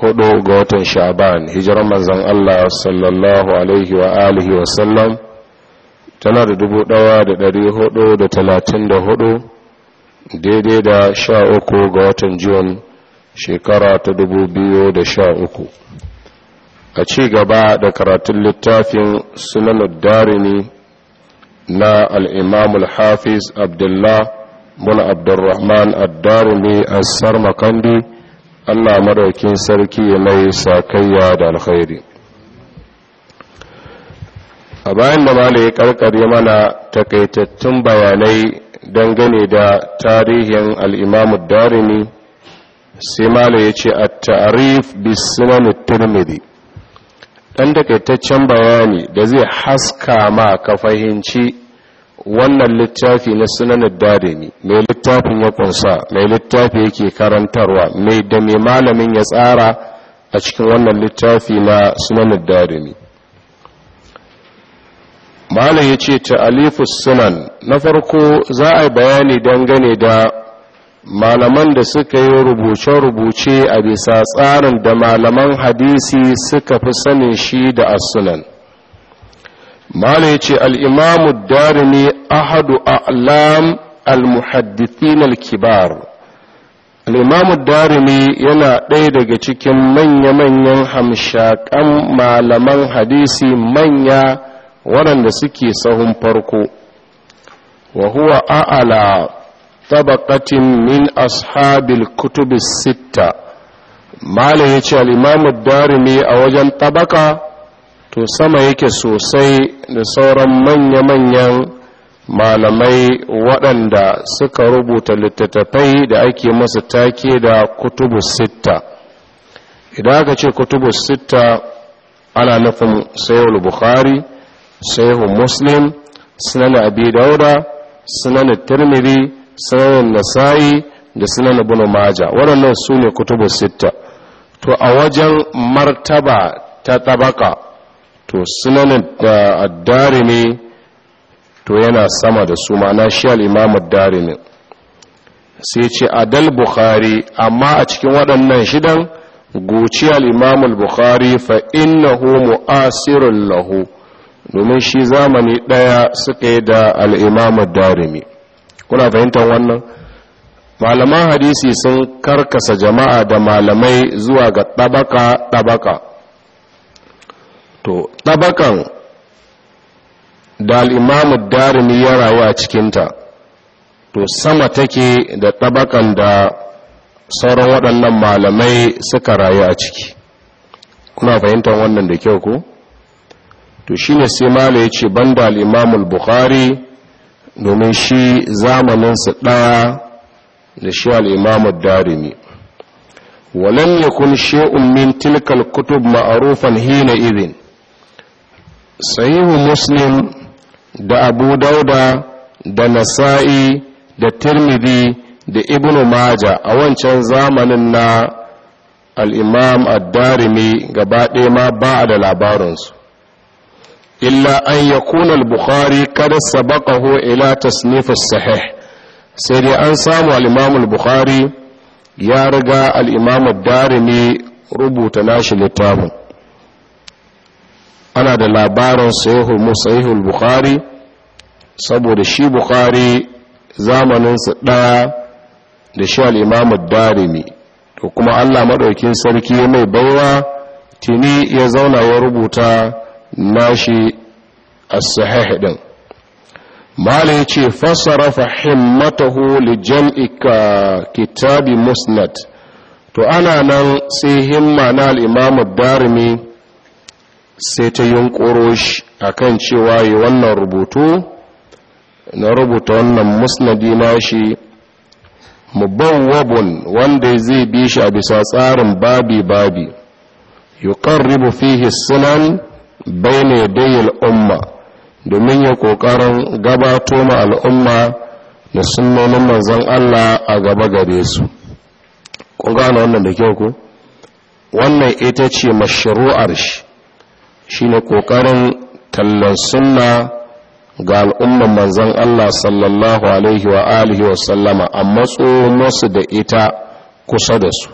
hudu ga watan sha'ban hijiran manzon Allah sallallahu alaihi wa alihi wa sallam tana da dubu ɗawa da ɗari hudu da talatin da hudu daidai da sha uku ga watan jiyon shekara ta dubu biyu da sha uku a ci gaba da karatun littafin sunanar darini na al’imamul hafiz abdullah mun abdurrahman ad-darimi as-sarmakandi makandi Allah madaukin sarki mai sakayya da alkhairi a bayan da mala ya karkare mana takaitattun bayanai dangane da tarihin al'imamu darini sai mala ya ce a tarif bisunan turmidi ɗan takaitaccen bayani da zai haska ma ka fahimci wannan littafi na sunanin darimi mai littafin ya kunsa mai littafi yake karantarwa mai da mai malamin ya tsara a cikin wannan littafi na sunanin darimi malam ya ce ta alifus sunan na farko za a yi bayani dangane da malaman da suka yi rubuce-rubuce a bisa tsarin da malaman hadisi suka fi sanin shi da as-sunan mala ya ce al'imamu darimi ahadu a'lam al-muhaddithin al-kibar al'imamu darimi yana ɗaya daga cikin manya-manyan hamshakan malaman hadisi manya waɗanda suke sahun farko wa huwa a'ala tabaqatin min ashabil kutubis sitta yace ya ce al'imamu darimi a wajen tabaka to sama yake sosai da sauran manya-manyan malamai waɗanda suka rubuta littattafai da ake masa take da kutubu sitta idan aka ce kutubu sitta ana nufin sayo bukhari sayo muslim sunan abi dauda sunan tirmidhi sunan nasayi da sunan ibn maja waɗannan su ne kutubu sitta to a wajen martaba ta tabaka to sunanin da addarini to yana sama da su ma'ana shi al'imam imam sai ce adal bukhari amma a cikin waɗannan shidan guci al'imam al-bukhari fa innahu mu'asirun lahu domin shi zamani ɗaya suka yi da al'imam addarini kuna fahimtar wannan malaman hadisi sun karkasa jama'a da malamai zuwa ga ɗabaka ɗabaka to ɗabakan da al'imamu darimi ya rayu a cikinta to sama take da ɗabakan da sauran waɗannan malamai suka rayu a ciki kuna fahimtar wannan da kyau ko to shi ne sai mala ya ce banda al'imamul bukhari domin shi zamaninsu ɗaya da shi al'imamul darimi ولم يكن min tilkal kutub ma'arufan hina izin? sahihu muslim da abu dauda da nasa'i da tirmidhi da ibnu maja a wancan zamanin na al'imam addarimi gaba ɗaya ma ba a da labarinsu illa an ya al bukhari kada sabaqahu ila tasnifus sahih sai dai an samu al bukhari ya riga al'imam addarimi rubuta nashi littafin ana da labarin sahihul bukhari saboda shi bukhari zamaninsa ɗaya da shi al'imamu darimi to kuma allah maɗaukin sarki mai baiwa tini ya zauna ya rubuta nashi a sahih ɗin mala ya ce fassara fahimmatahu li jam'ika kitabi musnad to ana nan sai himma na al'imamu darimi sai ta yunkuro a kan cewa yi wannan rubutu na rubuta wannan musnadi nashi mubawwabun wanda zai bi shi a bisa tsarin babi-babi yuqarribu fihi sunan bayna yaday umma domin ya ƙoƙarin gabato ma al'umma da sunnonin manzon Allah a gaba gare su kun gane wannan da kyau ko wannan ita ce mashru'ar shi shine kokarin tallan sunna ga al'umman manzon Allah sallallahu alaihi wa alihi wa sallama a matso masu da ita kusa da su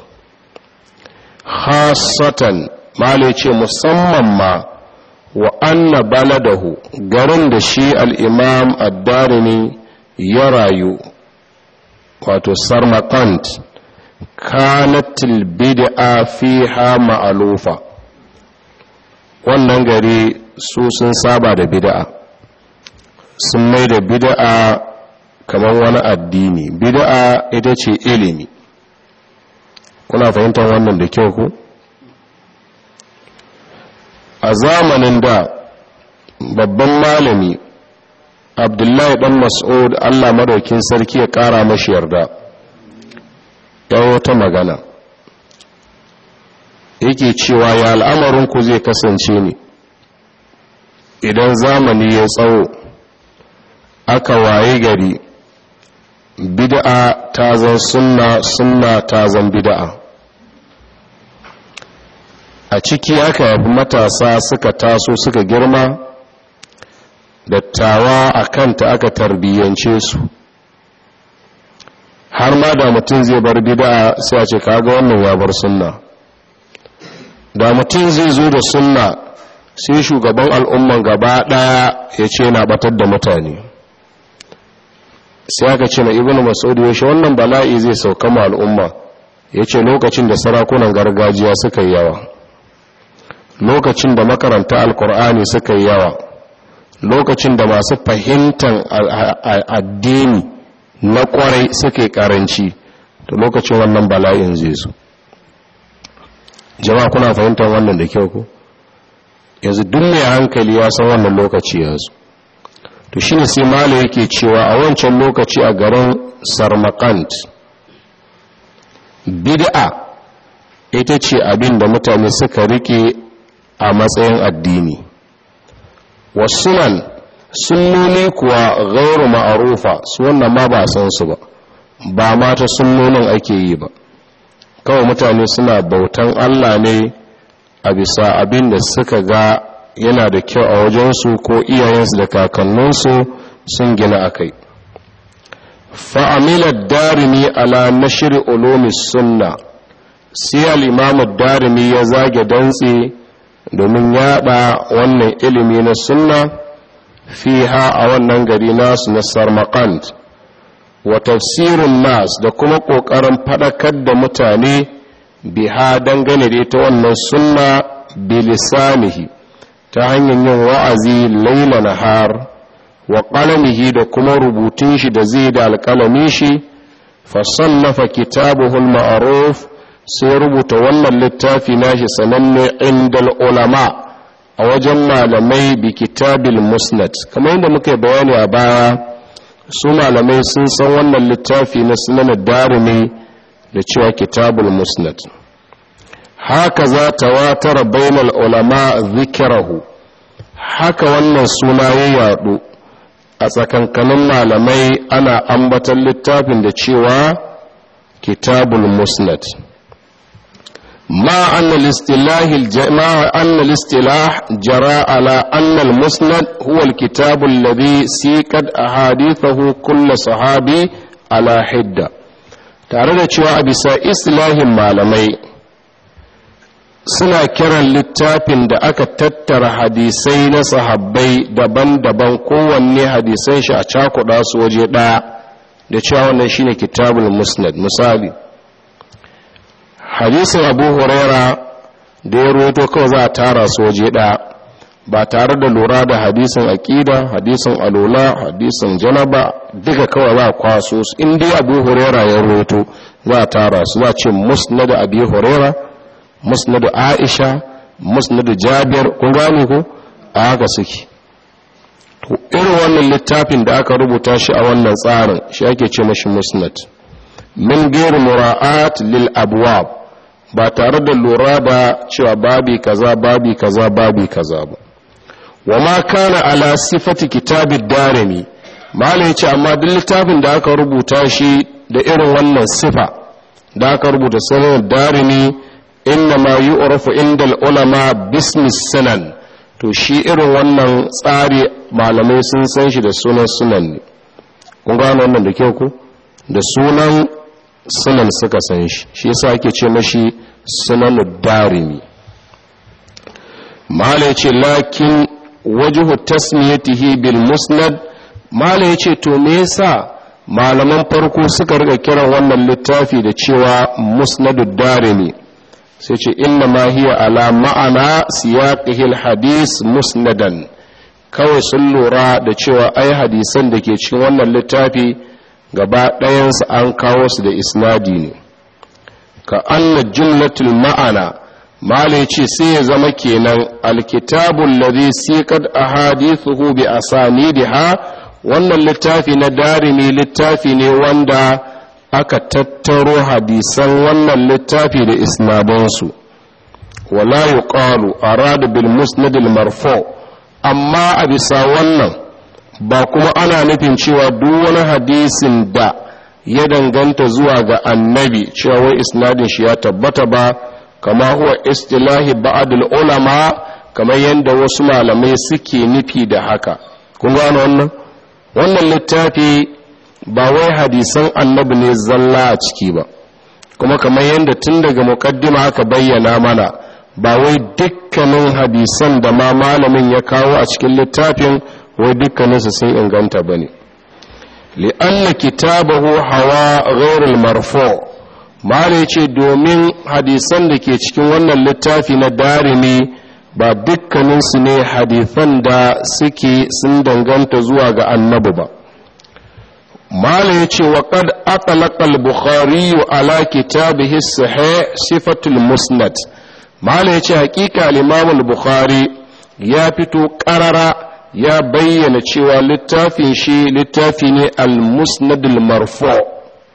hasatan male ce musamman ma wa anna baladahu garin da shi al'imam addarini ya rayu wato sarmakant kanatil bid'a fiha ma'alufa wannan gari su sun saba da bida'a sun mai da bida'a kamar wani addini bida'a ita ce ilimi kuna fahimtar wannan da kyau ku a zamanin da babban malami abdullahi dan mas'ud allah madaukin sarki ya kara mashi yarda ya wata magana yake cewa ya al'amarinku zai kasance ne idan zamani ya tsawo aka waye gari bid'a ta zan sunna sunna ta zan bid'a a ciki aka yabi matasa suka taso suka girma dattawa a kanta aka tarbiyyance su har ma da mutum zai bar bid'a sai a ce kaga wannan ya bar sunna da mutum zai zo da sunna sai shugaban al'umman gaba ɗaya ya ce na batar da mutane sai aka ce na ibn mas'ud yaushe wannan bala'i zai sauka ma al'umma ya ce lokacin da sarakunan gargajiya suka yi yawa lokacin da makaranta alkur'ani suka yi yawa lokacin da masu fahimtar addini na kwarai suke karanci da lokacin wannan bala'in zai zo jama'a kuna fahimtar wannan da kyau ko yanzu duk mai hankali ya san wannan lokaci yanzu to shine sai malo yake cewa a wancan lokaci a garin sarmakant bid'a ita ce abin da mutane suka rike a matsayin addini wasunan sunnoni kuwa gairu ma'arufa su wannan ma ba san su ba ba mata sunnonin ake yi ba kawai mutane suna bautan Allah ne a bisa abin da suka ga yana da kyau a wajensu ko iyayensu da kakanninsu sun gina a kai fa'amilar darimi ala na shiri olomis sunna sai al'imamu darimi ya zage dantse domin yada wannan ilimi na sunna fiha a wannan gari nasu na sarmakant wa tafsirin nas da kuma ƙoƙarin faɗakar da mutane biha dangane da ita wannan sunna bilisanihi ta hanyar yin wa'azi laila nahar wa qalamihi da kuma rubutun shi da zai da alƙalamin shi Fa sallafa kitabuhu al-ma'ruf sai rubuta wannan littafi nashi sananne indal ulama a wajen malamai bi kitabil musnad kamar yadda muka bayani a baya su malamai sun san wannan littafi na sunan darimi da cewa kitabul musnad haka za ta watara bainal ulama zikirahu haka wannan suna ya yadu a tsakankanin malamai ana ambatan littafin da cewa kitabul musnad ما أن الاستلاح ما أن الاستلاح جرى على أن المسند هو الكتاب الذي سيقت أحاديثه كل صحابي على حدة tare da cewa a bisa islahin malamai suna kiran littafin da aka tattara hadisai na sahabbai daban-daban kowanne hadisai shi a cakuɗa su waje ɗaya da cewa wannan shine kitabul musnad misali hadisin abu huraira da ya roto kawai za a tara soje ɗaya ba tare da lura da hadisin aƙida hadisin alola hadisin janaba duka kawai za a kwaso su inda dai abu huraira ya roto za a tara su za a ce da abu huraira da aisha da jabir kun gane ko a haka suke irin wannan littafin da aka rubuta shi a wannan tsarin shi ake ce mashi musnad min gairu mura'at lil abwab ba tare da lura ba cewa babi kaza babi kaza babi kaza ba wa ma kana ala sifati kitabid darimi malai ce amma duk littafin da aka rubuta shi da irin wannan sifa da aka rubuta sanan darimi inna ma yu'rafu indal ulama bisnis sanan to shi irin wannan tsari malamai sun san shi da sunan sunan ne kun gano wannan da kyau ku da sunan sunan suka san shi shi yasa ake ce mashi sunan darimi mala yace lakin wajhu tasmiyatihi bil musnad mala yace to me yasa malaman farko suka rika kiran wannan littafi da cewa musnadud darimi sai ce inna ma hiya ala ma'ana siyaqihi al hadis musnadan kawai sun lura da cewa ai hadisan da ke cikin wannan littafi gaba ɗayansu an kawo su da isnadi ne ka anna jumlatul ma'ana mala ya ce sai ya zama kenan alkitabun lade siƙad a hadithu bi asani da ha wannan littafi na darimi littafi ne wanda aka tattaro hadisan wannan littafi da isnadansu wala yuqalu arad bil musnad al marfu amma a bisa wannan ba kuma ana nufin cewa duk wani hadisin da ya danganta zuwa ga annabi cewa wai isnadin shi ya tabbata ba kama huwa istilahi ba'adul ulama kamar yadda wasu malamai suke nufi da haka kun gano wannan wannan littafi ba wai hadisan annabi ne zalla a ciki ba kuma kamar yadda tun daga mukaddima aka bayyana mana ba wai dukkanin hadisan da ma malamin ya kawo a cikin littafin wai dukkaninsu sun inganta ba ne li'anna kitabahu hawa ghairul marfo ma ne ce domin hadisan da ke cikin wannan littafi na darimi ba dukkaninsu ne hadisan da suke sun danganta zuwa ga annabi ba mala ya ce wa kad atalakal bukhari ala kitabihi sahih sifatul musnad mala ya ce hakika limamul bukhari ya fito ƙarara. ya bayyana cewa littafin shi littafi ne al-musnadul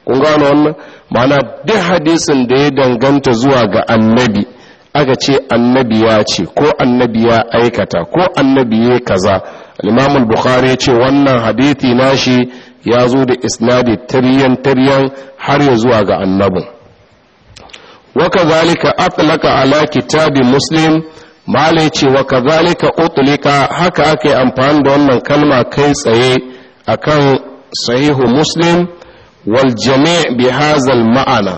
kun gano wannan ma'ana duk hadisin da ya danganta zuwa ga annabi aka ce annabi ya ce ko annabi ya aikata ko annabi ya kaza al bukhari ya ce wannan hadithi nashi ya zo da isnadi taryan taryan har ya zuwa ga annabin wa kazalika atlaqa ala kitabi muslim mala ce wa kazalika utulika haka ake amfani da wannan kalma kai tsaye akan sahihu muslim wal jami' bi hazal ma'ana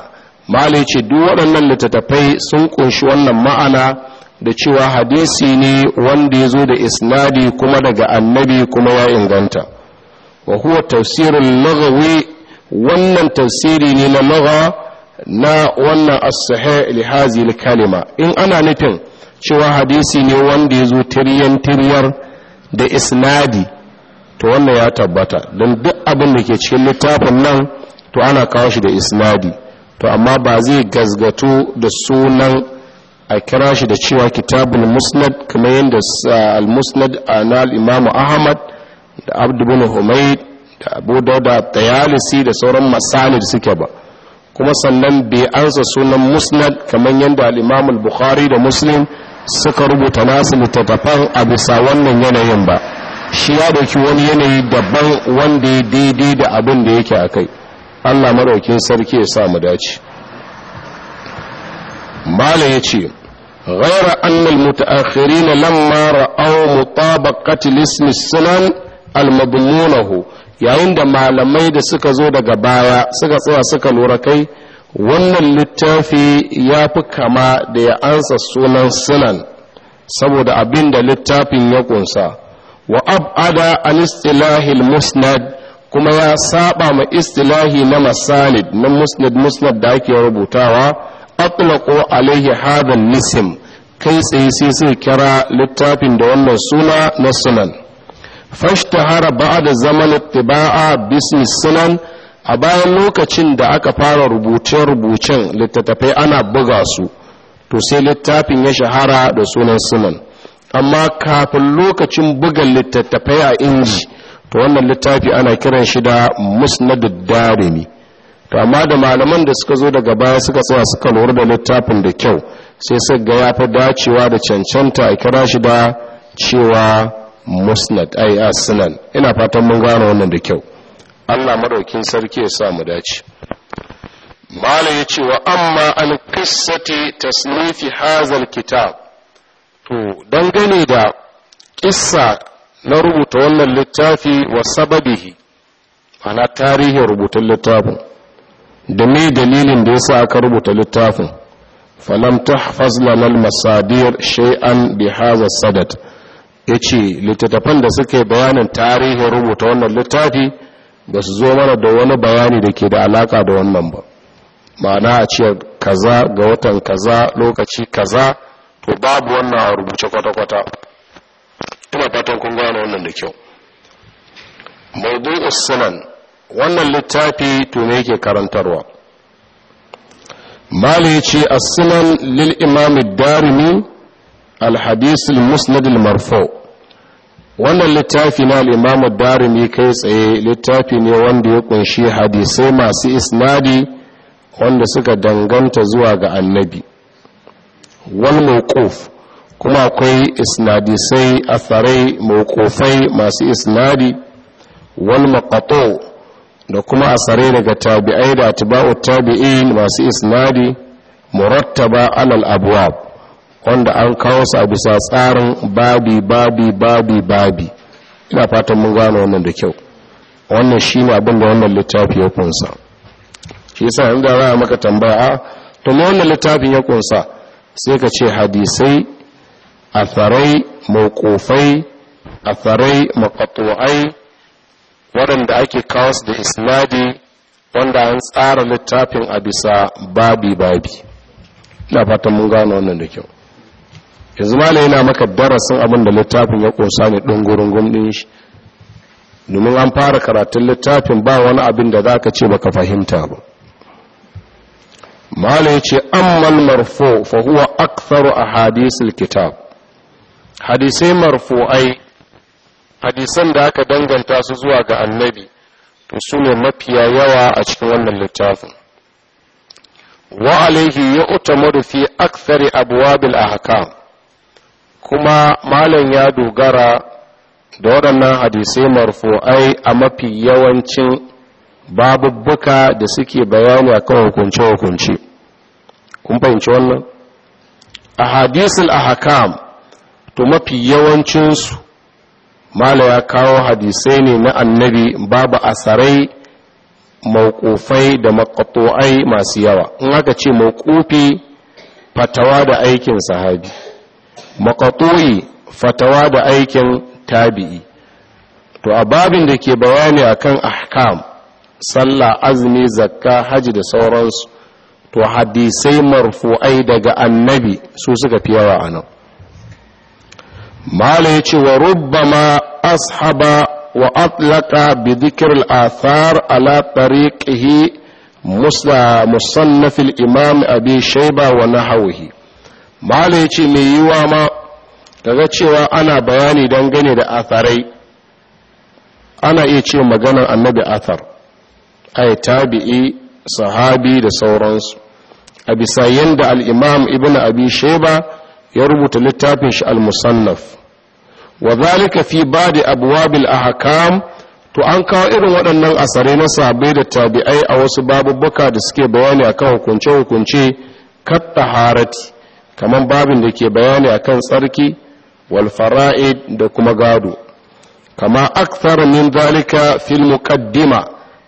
mala ce duk waɗannan littattafai sun kunshi wannan ma'ana da cewa hadisi ne wanda ya zo da isnadi kuma daga annabi kuma ya inganta wa huwa tafsirin lagawi wannan tafsiri ne na maga na wannan as-sahih li kalima in ana nufin cewa hadisi ne wanda ya zo tiriyan da isnadi to wannan ya tabbata don duk abin da ke cikin littafin nan to ana kawo shi da isnadi to amma ba zai gazgato da sunan a kira shi da cewa kitabul musnad kamar yadda al-musnad na al-imam ahmad da abdu bin humayd da abu dauda tayalisi da sauran masanid suke ba kuma sannan bai ansa sunan musnad kamar yadda al-imam al-bukhari da muslim suka rubuta nasu littattafan a bisa wannan yanayin ba shi ya dauki wani yanayi daban wanda ya daidai da abin da yake a kai allah maraukin sarki ya sa mu dace mala ya ce غير أن المتأخرين لما رأوا مطابقة لاسم sunan المضمونه yayin da malamai da suka zo daga baya suka tsaya suka lura kai wannan littafi ya fi kama da ya ansa sunan sunan saboda abin da littafin ya kunsa wa ab'ada an istilahil musnad kuma ya saba ma istilahi na masalid na musnad musnad da ake rubutawa atlaqo alaihi hada nisim kai tsaye sai sai kira littafin da wannan suna na sunan fashtahara ba'da zaman ittiba'a bismi sunan a bayan lokacin da aka fara rubuce-rubucen littattafai ana buga su to sai littafin ya shahara da sunan sunan amma kafin lokacin buga littattafai a inji to wannan littafi ana kiran shi da musnadud darimi to amma da malaman da suka zo daga baya suka tsaya suka lura da littafin da kyau sai suka ga yafi dacewa da cancanta a kira shi da cewa musnad ai sunan ina fatan mun gane wannan da kyau Allah maraukin sarki ya sa mu dace malam ya ce wa amma an kissati tasnifi hazal kitab to dangane da kissa na rubuta wannan littafi wa sababihi ana tarihin rubutun littafin da me dalilin da ya sa aka rubuta littafin falam tahfaz lana al-masadir shay'an bi sadat sadad yace littattafan da suke bayanin tarihin rubuta wannan littafi ba su zo mana da wani bayani da ke da alaka da wannan ba ma'ana a ce kaza ga watan kaza lokaci kaza to babu wannan a rubuce kwata-kwata ina fatan kun gane wannan da kyau maudu sunan wannan littafi to ne yake karantarwa mali ce a sunan lil imam ad-darimi al-hadith al marfu wannan littafi na al'imamu darimi kai tsaye littafi ne wanda ya kunshi hadisai masu isnadi wanda suka danganta zuwa ga annabi Wani mawquf kuma akwai isnadisai atharai mawqufai masu isnadi wani makato da kuma a tsare daga tabi'ai da atba'u tabi'in masu isnadi murattaba alal abwab wanda an kawo su a bisa tsarin babi babi babi babi ina fatan mun gano wannan da kyau wannan shi ne abinda wannan littafi ya kunsa shi yasa in da za maka tambaya ah, to me wannan littafin ya kunsa sai ka ce hadisai atharai mawqufai atharai maqtu'ai waɗanda ake kawo su da isnadi wanda an tsara littafin a bisa babi babi ina fatan mun gano wannan da kyau yanzu na yana maka darasin abin da littafin ya ƙosa ne gurin gumɗin shi domin an fara karatun littafin ba wani abin da za ka ce ba ka fahimta ba malai ce amman marfo fa huwa aktharu a hadisul kitab hadisai ai hadisan da aka danganta su zuwa ga annabi to su ne mafiya yawa a cikin wannan littafin wa alaihi ya utamadu fi akthari abwabil ahkam kuma malam ya dogara da waɗannan hadisai marfu'ai a mafi yawancin babubbuka da suke bayani akan hukunce-hukunce kun fahimci wannan a hadisul hakam to mafi yawancinsu malam ya kawo hadisai ne na annabi babu asarai mawkufai da makwato'ai masu yawa in aka ce mawkufi fatawa da aikin sahabi makatoyi fatawa da aikin tabi'i to a babin da ke bayani akan ahkam sallah azumi zakka haji da sauransu to hadisai marfu'ai daga annabi su suka fi yawa a nan mala ya ce wa rubbama ashaba wa atlaka bi dhikr al-athar ala tariqihi musannaf al-imam abi shaiba wa nahawihi mahala ya ce mai yiwuwa ma daga cewa ana bayani dangane da atharai ana iya ce maganar annabi athar ai tabi'i sahabi da sauransu a bisa yadda al'imam ibn abi sheba ya rubuta littafin shi al-musannaf wa zalika fi badi a ahkam to an kawo irin waɗannan asare na sahabai da tabi'ai a wasu babubuka da suke bayani akan hukunce-hukunce kat taharati kamar babin da ke bayani akan tsarki wal fara'id da kuma gado kama akthar min zalika fil muqaddima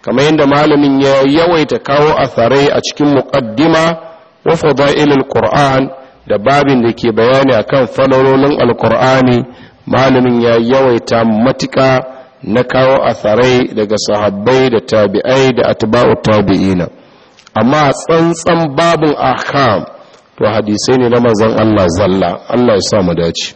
kamar yadda malamin ya yawaita kawo asarai a cikin muqaddima wa fadailul qur'an da babin da ke bayani akan falalolin alqur'ani malamin ya yawaita matuka na kawo asarai daga sahabbai da tabi'ai da atba'u tabi'ina amma tsantsan babin ahkam to hadisai ne na mazan Allah zalla Allah ya sa mu dace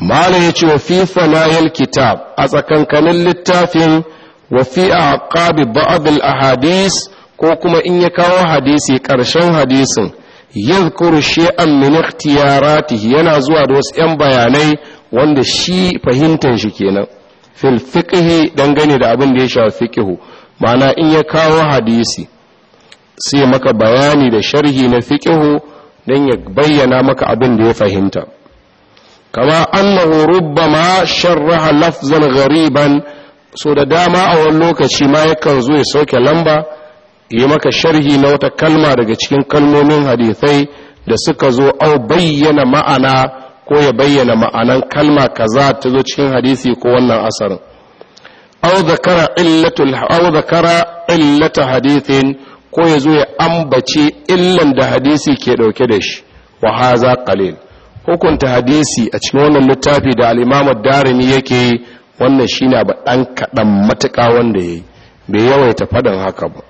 mala ya ce wa fi fanayil kitab a tsakankanin littafin wa fi a haƙabi ba'abil ahadis ko kuma in ya kawo hadisi ƙarshen hadisin yadhkuru shay'an min ikhtiyaratihi yana zuwa da wasu 'yan bayanai wanda shi fahimtar shi kenan fil fiqhi dangane da abin da ya shafi fiqhu ma'ana in ya kawo hadisi sai maka bayani da sharhi na fiqihu don ya bayyana maka abin da ya fahimta kama annahu rubbama sharraha lafzan ghariban so da dama a wani lokaci ma yakan zo ya sauke lamba yi maka sharhi na wata kalma daga cikin kalmomin hadisai da suka zo au bayyana ma'ana ko ya bayyana ma'anan kalma kaza ta zo cikin hadisi ko wannan asarin au zakara illata hadithin ko ya zo ya ambace illan da hadisi ke dauke da shi wa haza qalil hukunta hadisi a cikin wannan littafi da al-imam darimi yake yi wannan shine ba dan kadan matuka wanda yayi bai yawaita faɗin haka ba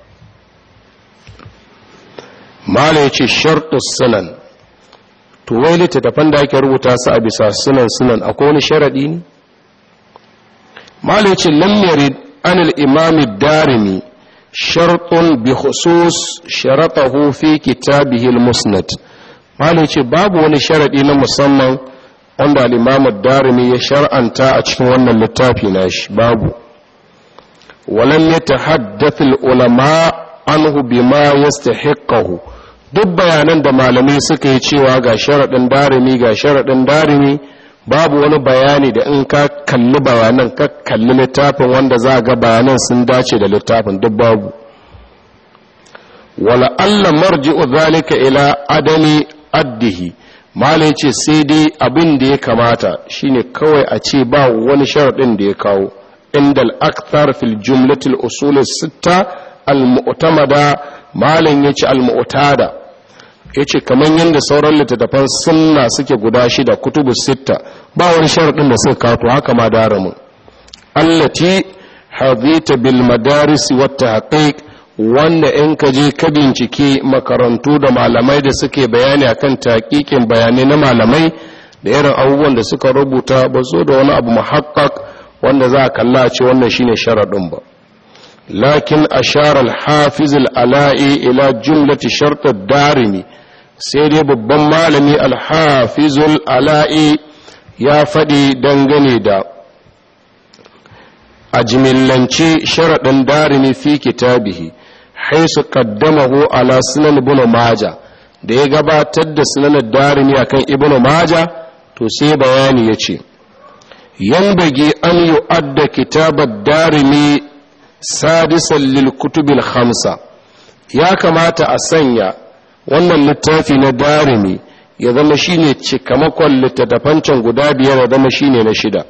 mala yace shartu sunan to wai littattafan da yake rubuta su a bisa sunan sunan akwai wani sharadi ne mala yace lam yarid anil imam darimi shartun bi khusus sharatahu fi kitabihi al-musnad malai ce babu wani sharaɗi na musamman wanda al-imam ya shar'anta a cikin wannan littafi na shi babu walam yatahaddath al-ulama anhu bima yastahiqahu duk bayanan da malamai suka yi cewa ga sharaɗin darimi ga sharaɗin darimi babu wani bayani da in ka kalli bayanan ka kalli littafin wanda za ga bayanan sun dace da littafin duk babu wala alla marji'u zalika ila adami addihi malai ce sai dai abin da ya kamata shine kawai a ce ba wani sharadin da ya kawo inda al-akthar fil jumlatil usul sitta al-mu'tamada malan yace al-mu'tada ya ce kamar yadda sauran littattafan sunna suke guda shida kutubu sitta ba wani sharaɗin da suka kato haka ma daramin allati hadita bil madaris wata haƙiƙ wanda in ka je ka bincike makarantu da malamai da suke bayani a kan taƙiƙin bayanai na malamai da irin abubuwan da suka rubuta ba zo da wani abu muhaqqaq wanda za a kalla a ce wannan shine sharaɗin ba lakin ashara al-hafiz al-ala'i ila jumlati shart darimi sai dai babban malami alhafizul ala'i ya faɗi dangane da a jimillance sharaɗin darimi fi kitabihi haisu kaddamahu ala sunan ibn maja da ya gabatar da sunan darimi akan ibn maja to sai bayani ya ce Yan bagi an adda kitabar darimi sadisan lil kutubin hamsa ya kamata a sanya wannan littafi na darimi ya zama shine cikamakon littattafan can guda biyar ya zama shine na shida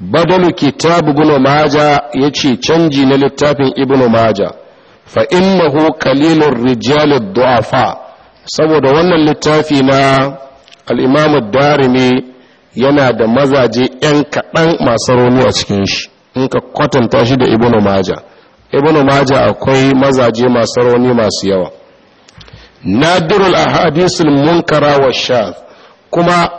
badalu kitabu ibn maja ya ce canji na littafin ibnu maja fa innahu qalilur rijal du'afa saboda wannan littafi na al'imamu darimi yana da mazaje yan kaɗan masu rauni a cikin shi in ka kwatanta shi da ibnu maja ibnu maja akwai mazaje masu rauni masu yawa nadirul hadisin munkara wa shaz kuma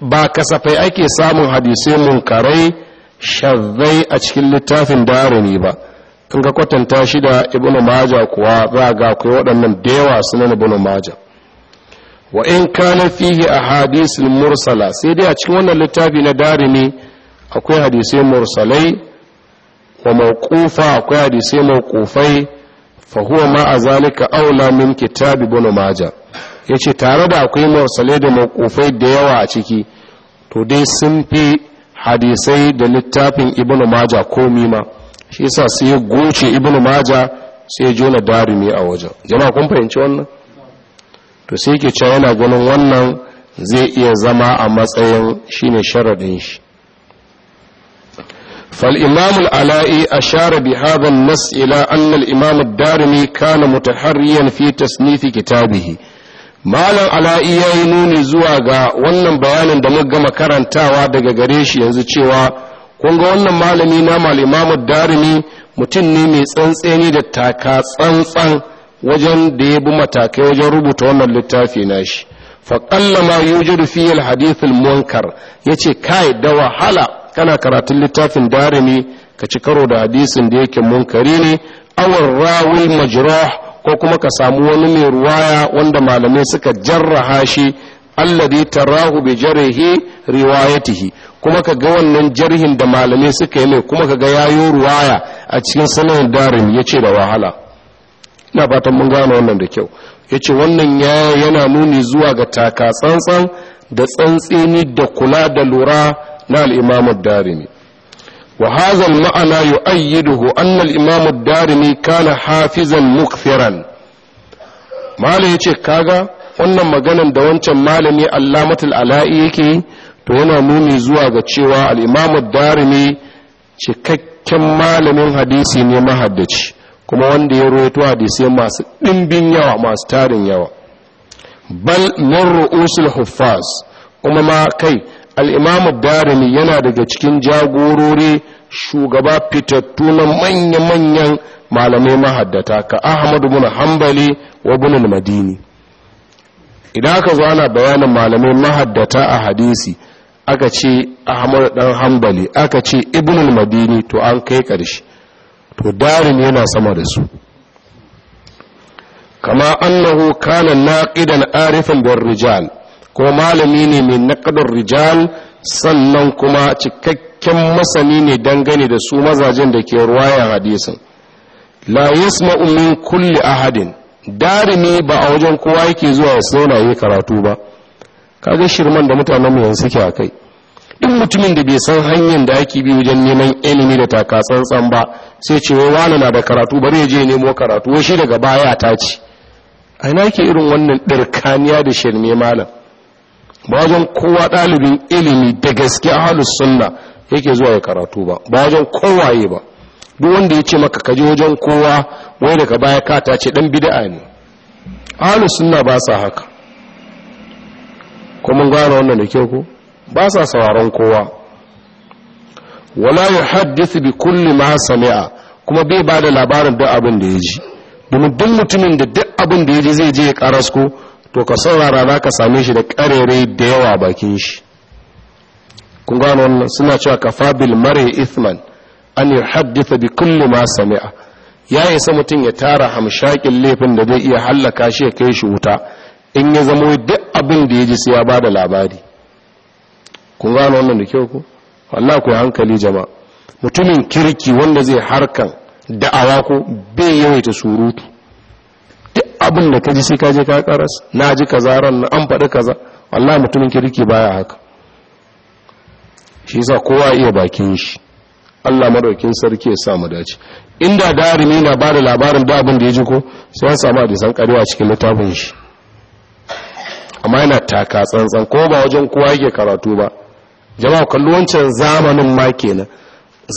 ba kasafai ake samun hadisai munkarai shazzai a cikin littafin darani ba in ka kwatanta shi da ibnu maja kuwa za ga kai waɗannan da yawa sunan ibnu maja wa in kana fihi ahadisul mursala sai dai a cikin wannan littafi na darimi akwai hadisai mursalai wa mawqufa akwai hadisai mawqufai fa huwa ma a zalika aula min kitabi ibn majah yace tare da akwai mursale da makufai da yawa a ciki to dai sun fi hadisai da littafin ibn majah komi ma shi yasa sai ya goce ibn majah sai ya jona darimi a wajen jama'a kun fahimci wannan to sai yake cewa yana ganin wannan zai iya zama a matsayin shine sharadin shi فالإمام العلائي أشار بهذا النص إلى أن الإمام الدارمي كان متحريا في تصنيف كتابه malam ala'i ya yi nuni zuwa ga wannan bayanin da muka gama karantawa daga gare shi yanzu cewa Kunga wannan malami na malimamu darimi mutum ne mai tsantseni da taka tsantsan wajen da ya bi matakai wajen rubuta wannan littafi na shi faƙalla ma yujiru fiye munkar ya ce kai da wahala kana karatun littafin darimi ka ci karo da hadisin da yake munkari ne awar rawul majruh ko kuma ka samu wani mai ruwaya wanda malamai suka jarraha shi alladhi tarahu bi jarhi riwayatihi kuma ka ga wannan jarhin da malamai suka yi mai kuma ka ga yayo ruwaya a cikin sanan darimi yace da wahala ina fatan mun gane wannan da kyau yace wannan yana nuni zuwa ga taka tsantsan da tsantseni da kula da lura na al-imam ad-darimi wa hadha al-ma'na yu'ayyiduhu anna al-imam ad-darimi kana hafizan mukthiran malai yace kaga wannan maganan da wancan malami allamatul ala'i yake to yana nuni zuwa ga cewa al-imam ad-darimi cikakken malamin hadisi ne mahaddaci kuma wanda ya roto hadisai masu ɗimbin yawa masu tarin yawa bal min ru'usul huffaz kuma ma kai al'imamu darimi yana daga cikin jagorori shugaba fitattu na manya-manyan malamai mahaddata ka ahmadu bin hambali wa bin madini idan aka zo ana bayanin malamai mahaddata a hadisi aka ce ahmadu dan hambali aka ce ibn madini to an kai ƙarshe to darin yana sama da su kama annahu kana naqidan arifan bil rijal kuma malami ne mai naƙadar rijal sannan kuma cikakken masani ne dangane da su mazajen da ke ruwa hadisin la yasma'u min kulli ahadin ne ba a wajen kowa yake zuwa ya sauna yi karatu ba kaga shirman da mutanen mu yanzu suke akai duk mutumin da bai san hanyar da ake bi wajen neman ilimi da takatsantsan ba sai ce wai wani na da karatu bari je nemo karatu wai shi daga baya ta ce a ina ke irin wannan ɗirkaniya da shirme malam ba wajen kowa ɗalibin ilimi da gaske ahalus sunna yake zuwa ya karatu ba ba wajen kowaye ba duk wanda ya ce maka kaje wajen kowa wai daga baya kata ce dan bid'a ne ahalus sunna ba sa haka ko mun gane wannan da kyau ko ba sa sauraron kowa wala yuhaddithu bi kulli ma sami'a kuma bai ba da labarin duk abin da ya ji domin duk mutumin da duk abin da ya ji zai je ya karasko to ka saurara za ka same shi da karere da yawa bakin shi kun gano wannan suna cewa ka fabil mare ithman an haddisa bi kulli ma sami'a ya isa mutum ya tara hamshakin laifin da zai iya hallaka shi ya kai shi wuta in ya zama duk abin da ya ji sai ya ba da labari kun gano wannan da kyau ku wallahi ku hankali jama'a mutumin kirki wanda zai harkan da'awa ko bai yawaita surutu abin da ka ji sai ka je ka karas na ji kaza ran na an faɗi kaza wallahi mutumin kirki baya haka shi yasa kowa iya bakin shi Allah madaukin sarki ya sa mu dace inda darimi na bada labarin da abin da ya ji ko sai an samu hadisan ƙarya a cikin littafin shi amma yana taka tsantsan ko ba wajen kowa yake karatu ba jama'a kallo wancan zamanin ma kenan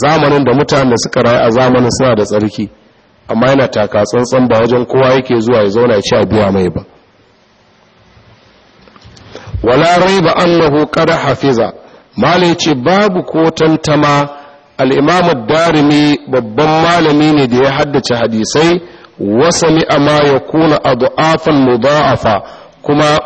zamanin da mutanen da suka rayu a zamanin suna da tsarki amma yana taka tsantsan ba wajen kowa yake zuwa ya zauna ya ci a mai ba wala raiba annahu qad hafiza malai ce babu ko tantama al-imam darimi babban malami ne da ya haddace hadisai wasami ya kuna adafan mudaafa kuma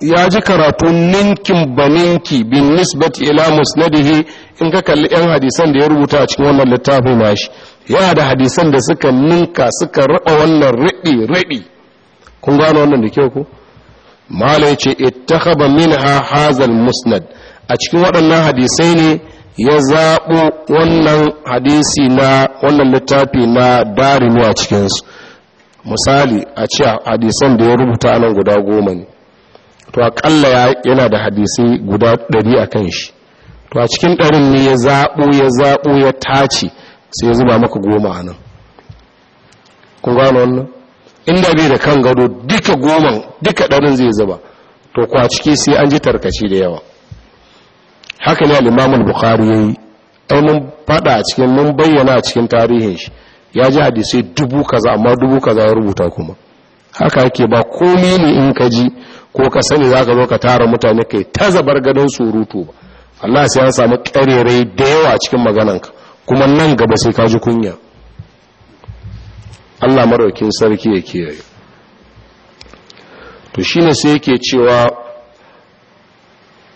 ya ji karatu ninkin baninki bin nisbati ila musnadihi in ka kalli yan hadisan da ya rubuta a cikin wannan littafin nashi yana da hadisan da suka ninka suka raba wannan raɗi raɗi kun gano wannan da kyau ku mala ya ce ittakhaba minha hazal musnad a cikin waɗannan hadisai ne ya zaɓo wannan hadisi na wannan littafi na darimu a cikinsu misali a ce hadisan da ya rubuta nan guda goma ne to aƙalla yana da hadisai guda ɗari a kan shi to a cikin ɗarin ne ya zaɓo ya zaɓo ya tace sai ya zuba maka goma a nan kun gano wannan inda bai da kan gado duka goma duka ɗarin zai zuba to kwa ciki sai an ji tarkaci da yawa haka ne al'imamun bukari ya yi mun fada a cikin mun bayyana a cikin tarihin shi ya ji hadisai dubu kaza amma dubu kaza ya rubuta kuma haka yake ba komi ne in ka ji ko ka sani za ka zo ka tara mutane kai ta zabar gadon surutu ba Allah sai an samu ƙarerai da yawa cikin ka kuma nan gaba sai ka ji kunya Allah maraukin sarki ya kiyaye to shi ne sai yake cewa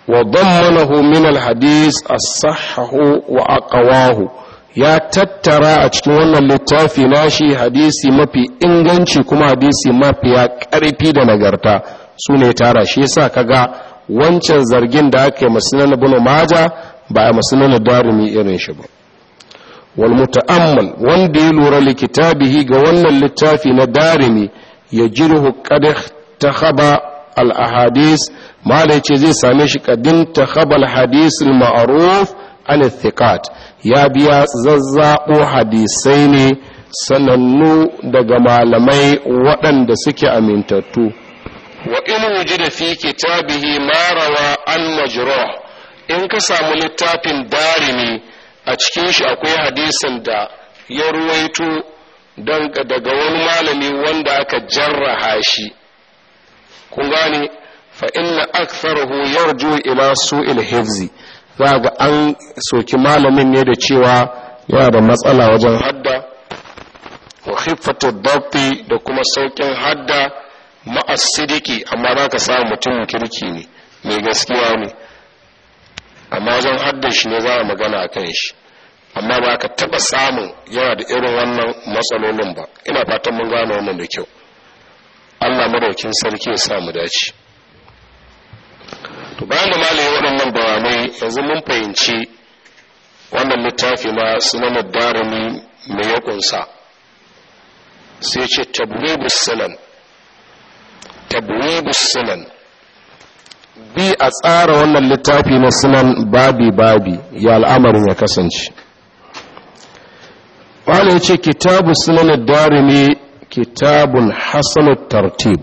wa dammanahu min alhadis as-sahhu wa aqwahu ya tattara a cikin wannan littafi nashi hadisi mafi inganci kuma hadisi mafi ya karfi da nagarta su ne tara shi ka ga wancan zargin da ake masunan ibn maja ba a masunan darimi irin shi ba wal muta'ammal wanda ya lura likitabihi ga wannan littafi na darimi ya jirhu qad takhaba al ahadis malai zai same shi kadin takhaba al hadis al ma'ruf an ya biya zazzabo hadisai ne sanannu daga malamai waɗanda suke amintattu wa in da fi kitabihi ma rawa an in ka samu littafin darimi a cikin shi akwai hadisin da ya ruwaito daga wani malami wanda aka jarraha shi kun gane fa inna aktharuhu yarju ila su'il hifzi za ga an soki malamin ne da cewa yana da matsala wajen hadda wa khiffatu dabti da kuma saukin hadda ma'as amma za ka samu mutumin kirki ne mai gaskiya ne amma wajen haddan shi ne za a magana a kan shi amma ba ka taɓa samun yana da irin wannan matsalolin ba ina fatan mun gane wannan da kyau allah madaukin sarki ya sa mu dace to bayan da malaye waɗannan bayanai yanzu mun fahimci wannan littafi na suna darimi mai ya kunsa sai ce tabwibus sunan tabwibus sunan bi a tsara wannan littafi na sunan babi-babi ya al'amarin ya kasance wani ya ce kitabu sunan dare ne kitabun hassan tartib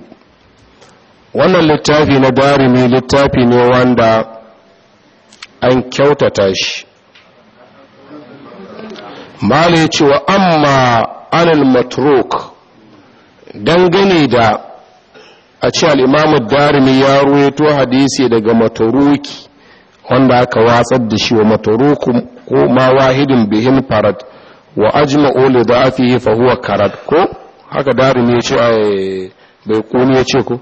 wannan littafi na dare ne littafi ne wanda an kyautata shi mala ya ce wa amma anil matruk dangane da a ce al'imamu darimi ya ruwaito hadisi daga maturuki wanda aka watsar da shi wa mataruku ko ma wahidin bihin farad wa ajima ole da afihi fahuwa karat ko haka darimi ya ce eh, bai kuni ya ce ko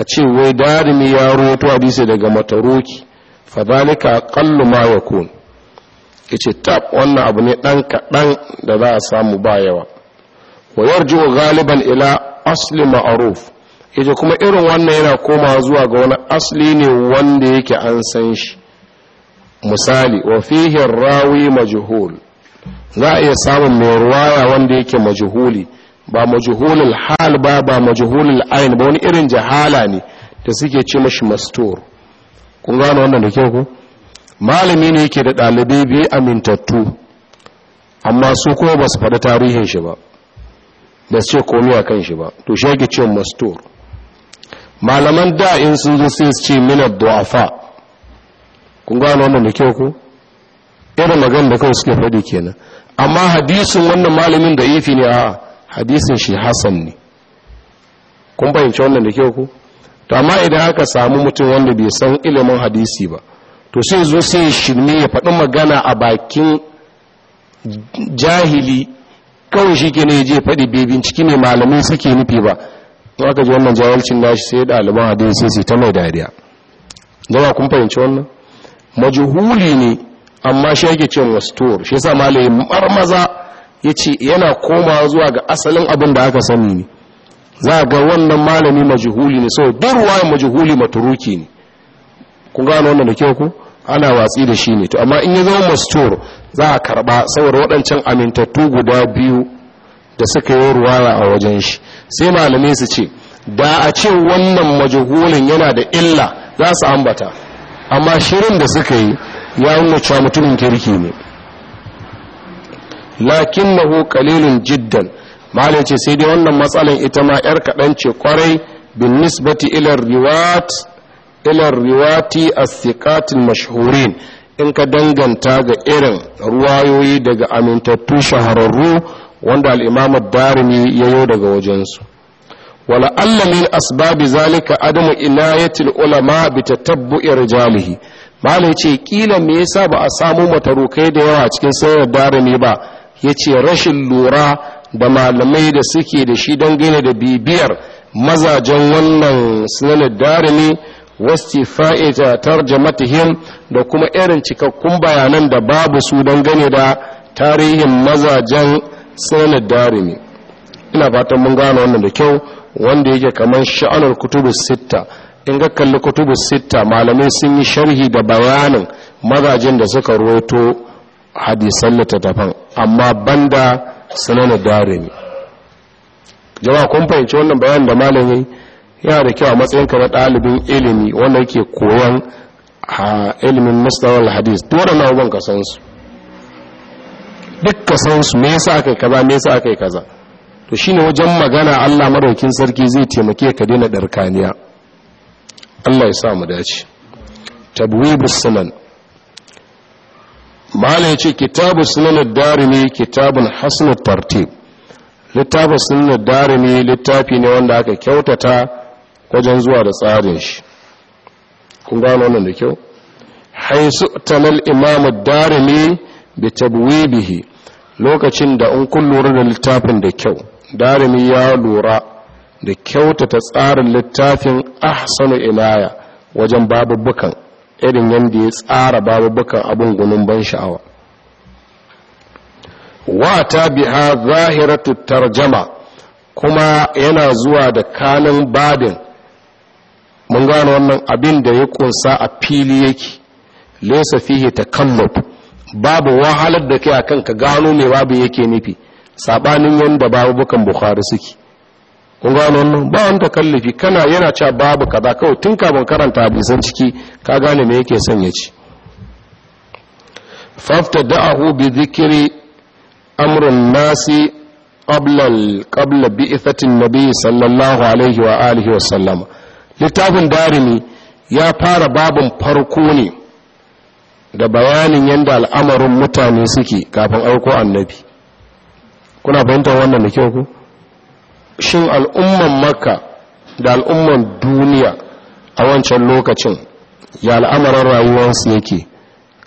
a ce wai darimi ya ruwaito hadisi daga mataruki fadalika kallu ma ya kun ya ce tab wannan abu ne ɗan kaɗan da za a samu ba yawa wa galiban ila asli ma'aruf yace kuma irin wannan yana koma zuwa ga wani asli ne wanda yake an san shi misali wa fihi rawi majhul za a iya samun mai ruwaya wanda yake majhuli ba majhulul hal ba ba majhulul ain ba wani irin jahala ne da suke ce mashi mastur kun gano wannan da kyau ko malami ne yake da ɗalibai biyu amintattu amma su kuma ba su faɗi tarihin shi ba da su ce komi a kan shi ba to shi yake ce mastur malaman da in sun zo sai su ce mina du'afa kun gano wannan da kyau ko. irin magan da kawai suke faɗi kenan amma hadisin wannan malamin da ifi ne a hadisin shi hasan ne kun fahimci wannan da kyau ko. to amma idan aka samu mutum wanda bai san ilimin hadisi ba to sai zo sai ya shirme ya faɗi magana a bakin jahili kawai shi ke ne ya je faɗi bai binciki ne malamai suke nufi ba za ka ji wannan jahilcin nashi sai ɗaliban hadin sai ta mai dariya zama kun fahimci wannan majuhuli ne amma shi yake ce mastur shi yasa malayin marmaza ya ce yana koma zuwa ga asalin abin da aka sani ne za ga wannan malami majuhuli ne sau durwa majuhuli maturuki ne kun gano wannan da kyau ku ana watsi da shi ne to amma in ya zama mastur za a karba saboda waɗancan amintattu guda biyu da suka yi ruwaya a wajen shi sai malamai su ce da a ce wannan majahulin yana da illa za su ambata amma shirin da suka yi ya wuce mutumin kirki ne lakin na kalilun jiddan malai ce sai dai wannan matsalan ita ma 'yar kaɗan ce kwarai bin nisbati ilar riwati a riwati asikatin mashhurin in ka danganta ga irin ruwayoyi daga amintattu shahararru wanda al'imamar barumi ya yo daga wajensu wala allamin asbabi zalika adamu ina inayatil ulama bi tatabbu'i rijalihi malai ce kila me yasa ba a samu matarukai da yawa cikin sayar darumi ba yace rashin lura da malamai da suke da shi gane da bibiyar mazajen wannan sunanar darumi wastifa'i ta tarjamatihim da kuma irin cikakkun bayanan da babu su dangane da tarihin mazajen dare ne ina fatan mun gane wannan da kyau wanda yake kamar sha'anar kutubu sitta in ga kalli kutubu sitta malamai sun yi sharhi da bayanin mazajen da suka roto hadisan littattafan amma banda dare ne jama'a kun fahimci wannan bayanin da malami yana da kyau a matsayin kare ɗalibin ilimi wanda yake koyon ah, ilimin mustawar hadis duk waɗannan abubuwan ka san su duka san su me yasa aka kaza me yasa aka kaza to shine wajen magana Allah madaukin sarki zai taimake ka daina darkaniya Allah ya sa mu dace tabwibus sunan malai ce kitabu sunan darimi kitabun hasnu tartib littafin sunan darimi littafi ne wanda aka kyautata wajen zuwa da tsarin shi kun gano wannan da kyau haisu tanal imamu darimi bi tabwibihi lokacin da in kun lura da littafin da kyau darimi ya lura da kyautata tsarin littafin ahsanu ilaya wajen babubukan irin yadda ya tsara babubukan abin gunun ban sha'awa wa ta biha zahiratu tarjama kuma yana zuwa da kanin badin mun gano wannan abin da ya kunsa a fili yake lesa ta takalluf babu wahalar da kai akan ka gano me babu yake nufi sabanin babu babukan bukhari suke kun gano wannan ba wani takallifi kana yana cewa babu kaza kawai tun kafin karanta hadisan ciki ka gane me yake son ya ci fafta da'ahu bi zikiri amrun nasi qabla qabla bi'thatin nabi sallallahu alaihi wa alihi wa sallama littafin darimi ya fara babin farko ne da bayanin yadda al'amarin mutane suke kafin aiko annabi kuna fahimtar wannan da kyau ku shin al'umman makka da al'umman duniya a wancan lokacin ya al'amarin rayuwarsu yake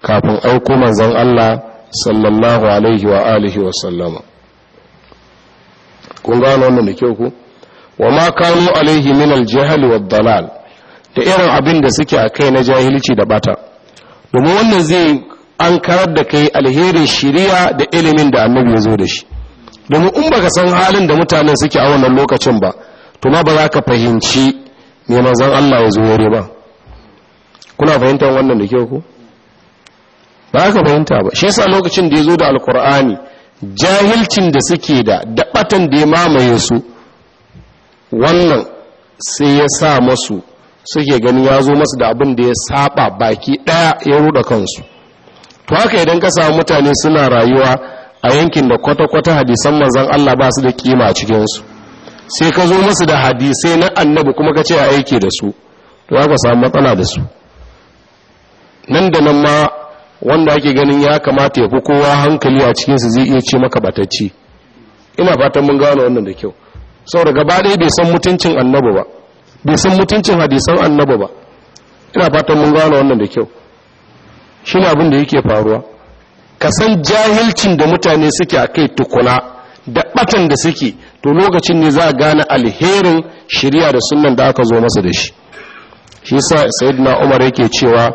kafin aiko manzan Allah sallallahu alaihi wa alihi wa sallama kun gano wannan da kyau ku wa ma kano alaihi min al wa dalal da irin abin da suke a kai na jahilci da bata domin wannan zai an karar da kai alherin shiriya da ilimin da annabi ya zo da shi domin in baka san halin da mutanen suke a wannan lokacin ba to ma ba za ka fahimci me manzon Allah ya zo yare ba kuna fahimtar wannan da kyau ko ba ka fahimta ba shi yasa lokacin da ya zo da alkur'ani jahilcin da suke da da batan da ya mamaye su wannan sai ya sa masu suke ganin ya zo masu da abin da ya saba baki ɗaya ya ruɗa kansu to haka idan ka samu mutane suna rayuwa a yankin da kwata-kwata hadisan manzan Allah ba su da kima a cikinsu sai ka zo masu da hadisai na annabi kuma ka ce a aiki da su to haka samu matsala da su nan da nan ma wanda ake ganin ya kamata ya fi kowa hankali a cikinsu zai iya ce maka batacci ina fatan mun gano wannan da kyau saboda gaba ɗaya bai san mutuncin annabi ba bai san mutuncin hadisan annaba ba ina fatan mun gano wannan da kyau shi ne abin da yake faruwa ka san jahilcin da mutane suke a kai tukuna da batan da suke to lokacin ne za a gane alherin shirya da sunan da aka zo masa da shi shi sa sayyidina umar yake cewa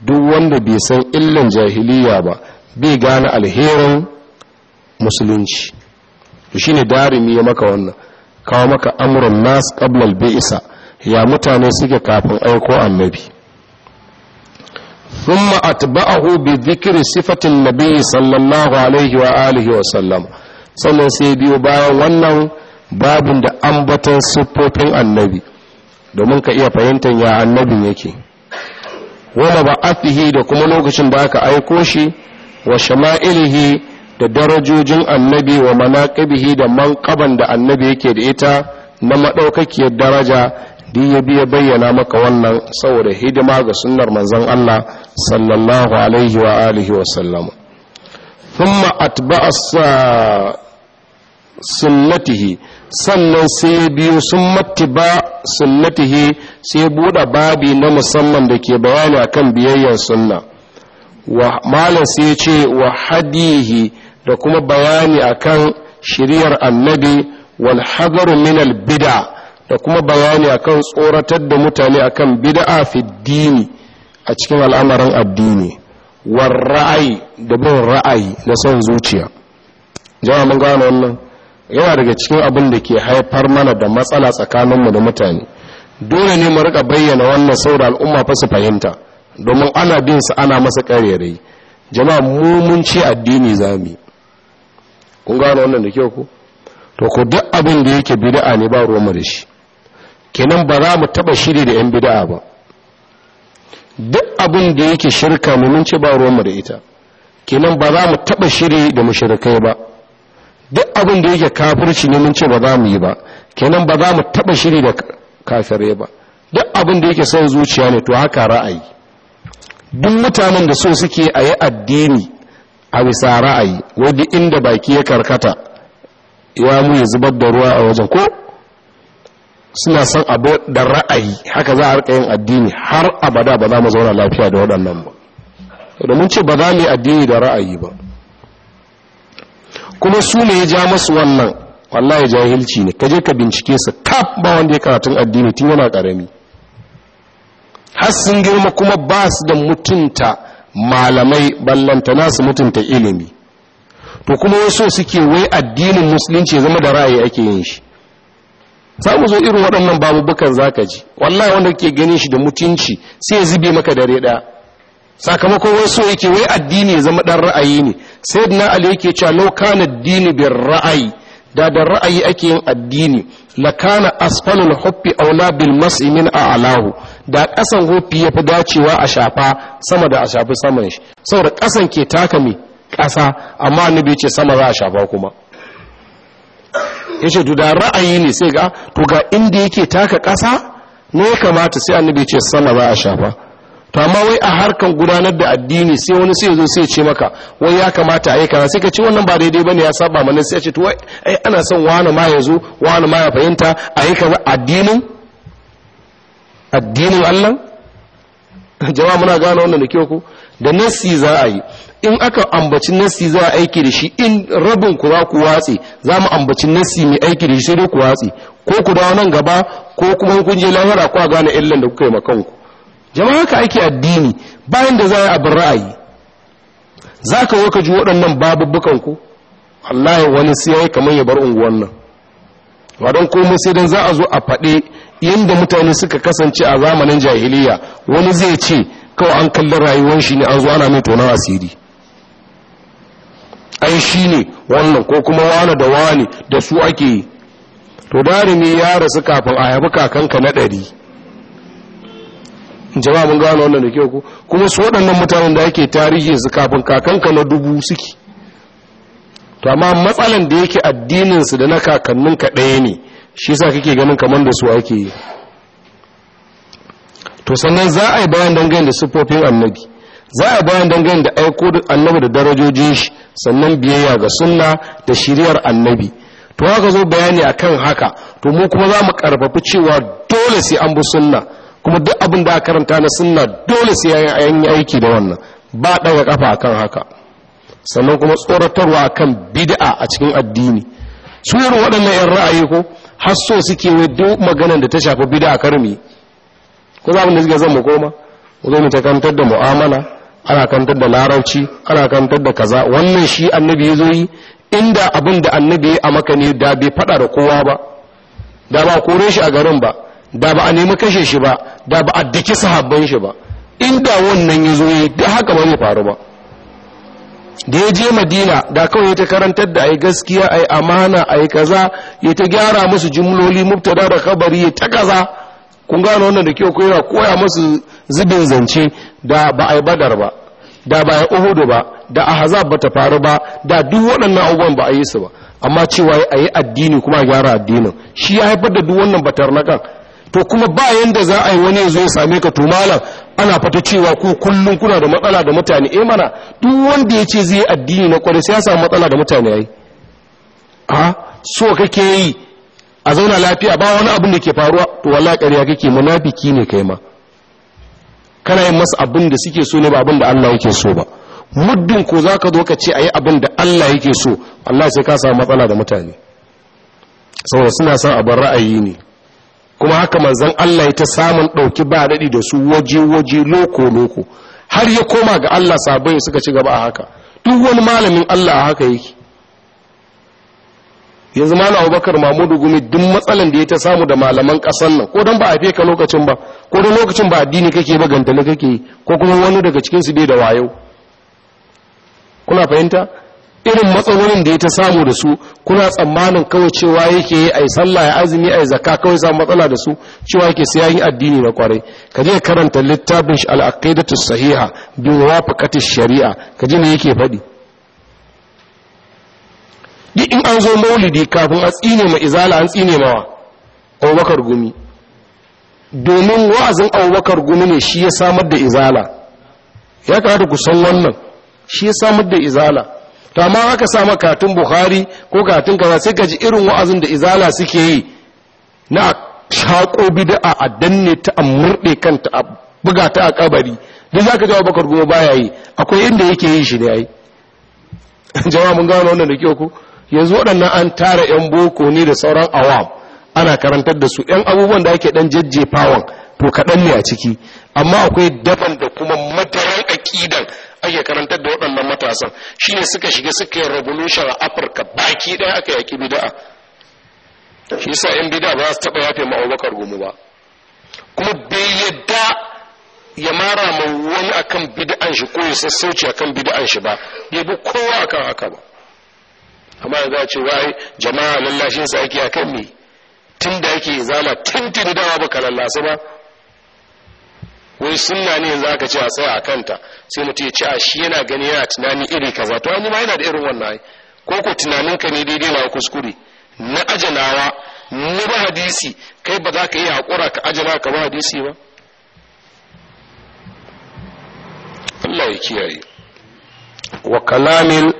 duk wanda bai san illan jahiliya ba bai gane alherin musulunci to shine darimi ya maka wannan kawo maka amuran nas qabla al ya mutane suke kafin aiko annabi thumma atba'ahu bi dhikri sifatin nabi sallallahu alaihi wa alihi wa sallam sannan sai biyo bayan wannan babin da ambaton siffofin annabi domin ka iya fahimtar ya annabin yake wala ba'athihi da kuma lokacin da aka aiko shi wa shama'ilihi da darajojin annabi wa manaqibihi da manqaban da annabi yake da ita na madaukakiyar daraja duk ya biya bayyana maka wannan saboda hidima ga sunnar manzon Allah sallallahu alaihi wa alihi wa sallam thumma atba'a sunnatihi sannan sai biyu sun mattiba sunnatihi sai buɗe babi na musamman da ke bayani akan biyayyar sunna wa malam sai ce wa hadihi da kuma bayani akan shiriyar annabi wal hadaru min al bid'a da kuma bayani akan tsoratar da mutane akan bid'a fi dini a cikin al'amarin addini war ra'ayi da bin ra'ayi na son zuciya jama'a mun gano wannan yana daga cikin abin da ke haifar mana da matsala tsakaninmu da mutane dole ne mu rika bayyana wannan saboda al'umma fa fahimta domin ana bin su ana masa ƙarerai jama'a mu mun ci addini zami kun gano wannan da kyau ko to ku duk abin da yake bid'a ne ba ruwanmu da shi kenan ba za mu taba shiri da yan bid'a ba duk abin da yake shirka mu mun ce ba ruwanmu da ita kenan ba za mu taba shiri da mushrikai ba duk abin da yake kafirci ne mun ce ba za mu yi ba kenan ba za mu taba shiri da kafirai ba duk abin da yake son zuciya ne to haka ra'ayi duk mutanen da so suke a yi addini a bisa ra'ayi wadda inda baki ya karkata ya mu ya zubar da ruwa a wajen ko suna son abu da ra'ayi haka za a rika yin addini har abada ba za mu zauna lafiya da waɗannan ba domin ce ba za mu yi addini da ra'ayi ba kuma su ne ya ja masu wannan wallahi jahilci ne ka je ka bincike su kaf ba wanda ya karatun addini tun yana karami har sun girma kuma ba su da mutunta malamai ballanta nasu mutunta ilimi to kuma wasu suke wai addinin musulunci ya zama da ra'ayi ake yin shi za mu zo irin waɗannan babubukan zaka ji wallahi wanda kake ganin shi da mutunci sai zube maka dare ɗaya sakamakon wasu yake wai addini ya zama ɗan ra'ayi ne sai na ali yake cewa lau kana addini bin ra'ayi da da ra'ayi ake yin addini la kana asfalul huffi aula bil mas'i min a'lahu da kasan huffi yafi dacewa a shafa sama da a shafi saman shi saboda kasan ke taka me kasa amma annabi ce sama za a shafa kuma ya ce da ra'ayi ne sai ga to ga inda yake taka ƙasa ne ya kamata sai annabi ce sama ba a shafa to amma wai a harkan gudanar da addini sai wani sai zo sai ce maka wai ya kamata a yi kaza sai ka ce wannan ba daidai bane ya saba mana sai ce to wai ai ana son wani ma ya zo wani ma ya fahimta a yi kaza addinin addinin Allah jama'a muna gane wannan da kyau ko da nassi za a yi in aka ambaci nassi za a aiki da shi in rabin ku za ku watse za mu ambaci nassi mai aiki da shi sai dai ku watse ko ku dawo nan gaba ko kuma kun je lahira ku gane illan da kuka yi kanku. jama'a haka ake addini bayan da za a bar ra'ayi za ka waka ji waɗannan babubbukan ku wallahi wani sai ya kamar ya bar unguwan nan wadan komai sai dan za a zo a faɗe yadda mutane suka kasance a zamanin jahiliya wani zai ce kawai an kalli rayuwar shi ne an zo ana mai tonon asiri ai shi ne wannan ko kuma wane da wane da su ake yi to ne ya rasu kafin a yabi kakanka na ɗari jama'a mun gano wannan da ke kuma su waɗannan mutanen da ake tarihi su kafin kakanka na dubu suke to amma matsalan da yake addininsu da na ka ɗaya ne shi sa kake ganin kamar da su ake yi to sannan za a yi bayan dangane da siffofin annabi za a yi bayan dangane da aiko annabi da darajojin shi sannan biyayya ga sunna da shiriyar annabi to haka zo bayani akan haka to mu kuma za mu karfafi cewa dole sai an bi sunna kuma duk abin da aka karanta na sunna dole sai an yi aiki da wannan ba ɗaga kafa akan haka sannan kuma tsoratarwa kan bid'a a cikin addini su waɗannan 'yan ra'ayi ko hasso suke wa duk maganar da ta shafi bida a karmi ko za da suke zan mu koma mu zo mu ta kantar da mu'amala ana kantar da larauci ana kantar da kaza wannan shi annabi ya zo yi inda abin da annabi ya maka ne da bai fada da kowa ba da ba kore shi a garin ba da ba a nemi kashe shi ba da ba a daki sahabban shi ba inda wannan ya zo yi duk haka ba zai faru ba da ya je madina da kawai ya ta karantar da ai gaskiya ai amana ai kaza ya ta gyara musu jumloli mubtada da kabari ya ta kaza kun gano wannan da kyau ko yana koya musu zubin zance da ba ai badar ba da ba ai uhud ba da ahzab ba ta faru ba da duk waɗannan abubuwan ba a yi su ba amma cewa ai addini kuma gyara addinin shi ya haifar da duk wannan batar na kan. to kuma ba yanda za a yi wani zo ya same ka to malam ana fata cewa ku kullum kuna da matsala da mutane eh mana duk wanda ya ce zai yi addini na kwarai sai ya samu matsala da mutane yayi a so kake yi a zauna lafiya ba wani abin da ke faruwa to wallahi ƙarya kake munafiki ne kai ma kana yin masa abin da suke so ne ba abin da Allah yake so ba muddin ko zaka zo ka ce ayi abin da Allah yake so Allah sai ka samu matsala da mutane saboda suna son abin ra'ayi ne kuma haka manzan Allah ya ta samun ɗauki ba daɗi da su waje-waje loko-loko har ya koma ga Allah sabon suka ci gaba a haka duk wani malamin Allah a haka yake yanzu mana abubakar mamudu gumi duk matsalan da ya ta samu da malaman ƙasan nan ko don ba a feka lokacin ba ko don lokacin ba addini kake ba gantale kake ko kuma wani daga cikinsu bai da wayo kuna fahimta irin matsalolin da ya ta samu da su kuna tsammanin kawai cewa yake yi ai sallah ya azumi a yi zaka kawai samu matsala da su cewa yake sai addini na kwarai ka je karanta littafin al sahiha bi wafaqati shari'a ka ji ne yake faɗi duk in an zo maulidi kafin a tsine ma izala an tsine mawa abubakar gumi domin wa'azin abubakar gumi ne shi ya samar da izala ya kamata ku san wannan shi ya samar da izala to amma aka sa maka katun bukhari ko katun kaza sai ka ji irin wa'azin da izala suke yi na shaƙo bid'a a danne ta a kanta a buga ta a kabari duk zaka jawo bakar goma baya yi akwai inda yake yi shi ne ai jama'a mun gano wannan da kyau ku. yanzu waɗannan an tara yan boko ne da sauran awam ana karantar da su yan abubuwan da ake dan jajjefawan to kaɗan ne a ciki amma akwai daban da kuma matarar aƙidan ake karantar da waɗannan matasan shi ne suka shiga suka yi revolution a afirka baki ɗaya aka yaki bida'a shi sa yan bida'a ba su taɓa yafe ma abubakar gumu ba kuma bai yadda ya mara ma wani akan bida'an shi ko ya sassauci akan bida'an shi ba ya bi kowa akan haka ba amma ya za ce wai jama'a lallashin sa ake akan ne tun da ake zama tun tun dawa baka lallasa ba wai sunna ne yanzu aka ce a tsaya a kanta sai mutum ya ce a shi yana gani yana tunani iri kaza to an ma yana da irin wannan ai ko ko tunaninka ne daidai na kuskure na ajanawa ni ba hadisi kai ba za ka yi haƙura ka ajana ka ba hadisi ba Allah ya kiyaye wa kalamin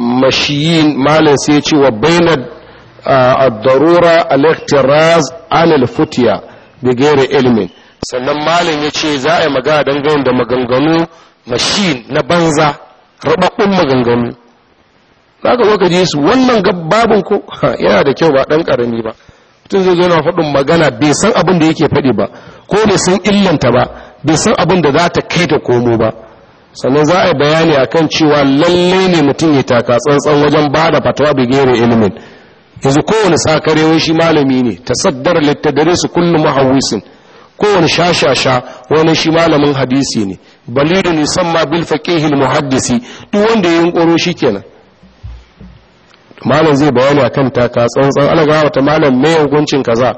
mashiyin malam sai ya ce wa bainar الضرورة al-futya bi ghairi ilmin sannan malin ya ce za a yi magana dangane da maganganu mashin na banza rababbun maganganu za ka zo ka su wannan gabbabin ko yana da kyau ba ɗan ƙarami ba tun zai zo na faɗin magana bai san abin da yake faɗi ba ko bai san illanta ba bai san abin da za ta kai da komo ba sannan za a yi bayani kan cewa lallai ne mutum ya taka tsantsan wajen ba da fatawa bai ilimin yanzu kowane sakarewa shi malami ne ta tasaddar littadare su kullum mahawisin kowane shashasha wani shi malamin hadisi ne balidu ne san ma bil faqihil muhaddisi duk wanda ya yunkuro shi kenan malam zai bayani akan taka tsantsan ana gawa ta malam mai hukuncin kaza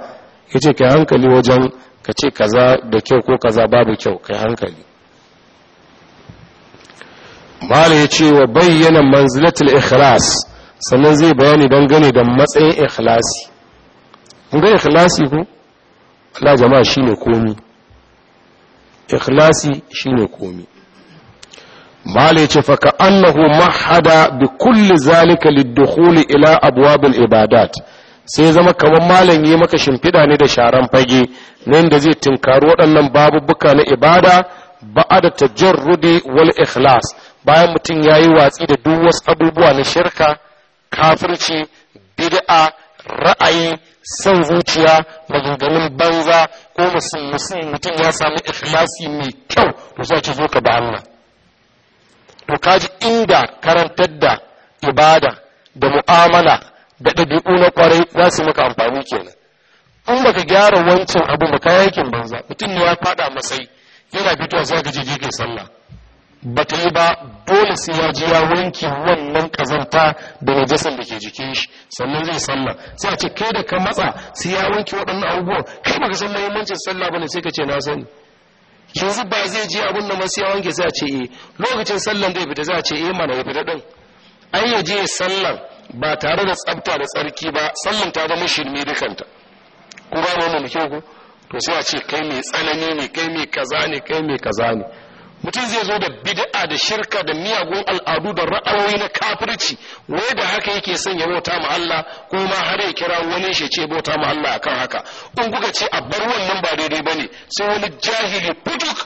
ce kai hankali wajen ka ce kaza da kyau ko kaza babu kyau kai hankali malam ya ce wa bayyana manzilatul ikhlas sannan zai bayani dangane da matsayin ikhlasi kun ga ikhlasi ko Allah jama'a shine komi ikhlasi shine komi malai ce fa ka annahu mahada bi kulli zalika lidukhul ila abwabil ibadat sai zama kamar malam yi maka shimfida ne da sharan fage nan da zai tinkari waɗannan babubuka na ibada ba'a da tajarrudi wal ikhlas bayan mutum yayi watsi da duk wasu abubuwa na shirka kafirci bid'a ra'ayi son zuciya maganganun banza ko mutum ya sami ikhlasi mai kyau to za ki zo ka ba Allah to kaji inda karantar da ibada da mu'amala da ɗabi'u na kwarai za su maka amfani kenan in baka gyara wancan abu ba kayakin banza mutum ne ya faɗa masai yana fitowa za ka je sallah ba ta yi ba dole sai ya ji ya wanke wannan kazanta da najasar da ke jikin shi sannan zai sallah sai a ce kai da ka matsa sai ya wanke waɗannan abubuwan kai ba ka san mahimmancin sallah bane sai ka ce na sani yanzu ba zai je abin da masu ya wanke sai a ce eh lokacin sallan zai fita za a ce eh mana ya fita din an ya je sallan ba tare da tsafta da tsarki ba sallan ta zama shirme dukanta ko ba mu kyau ko to sai a ce kai mai tsanani ne kai mai kaza ne kai mai kaza ne mutum zai zo da bid'a da shirka da miyagun al'adu da ra'ayoyi na kafirci wai da haka yake son ya bauta ma Allah ko ma har ya kira wani shi ce bauta ma Allah akan haka in kuka ce a bar wannan ba daidai bane sai wani jahili putuk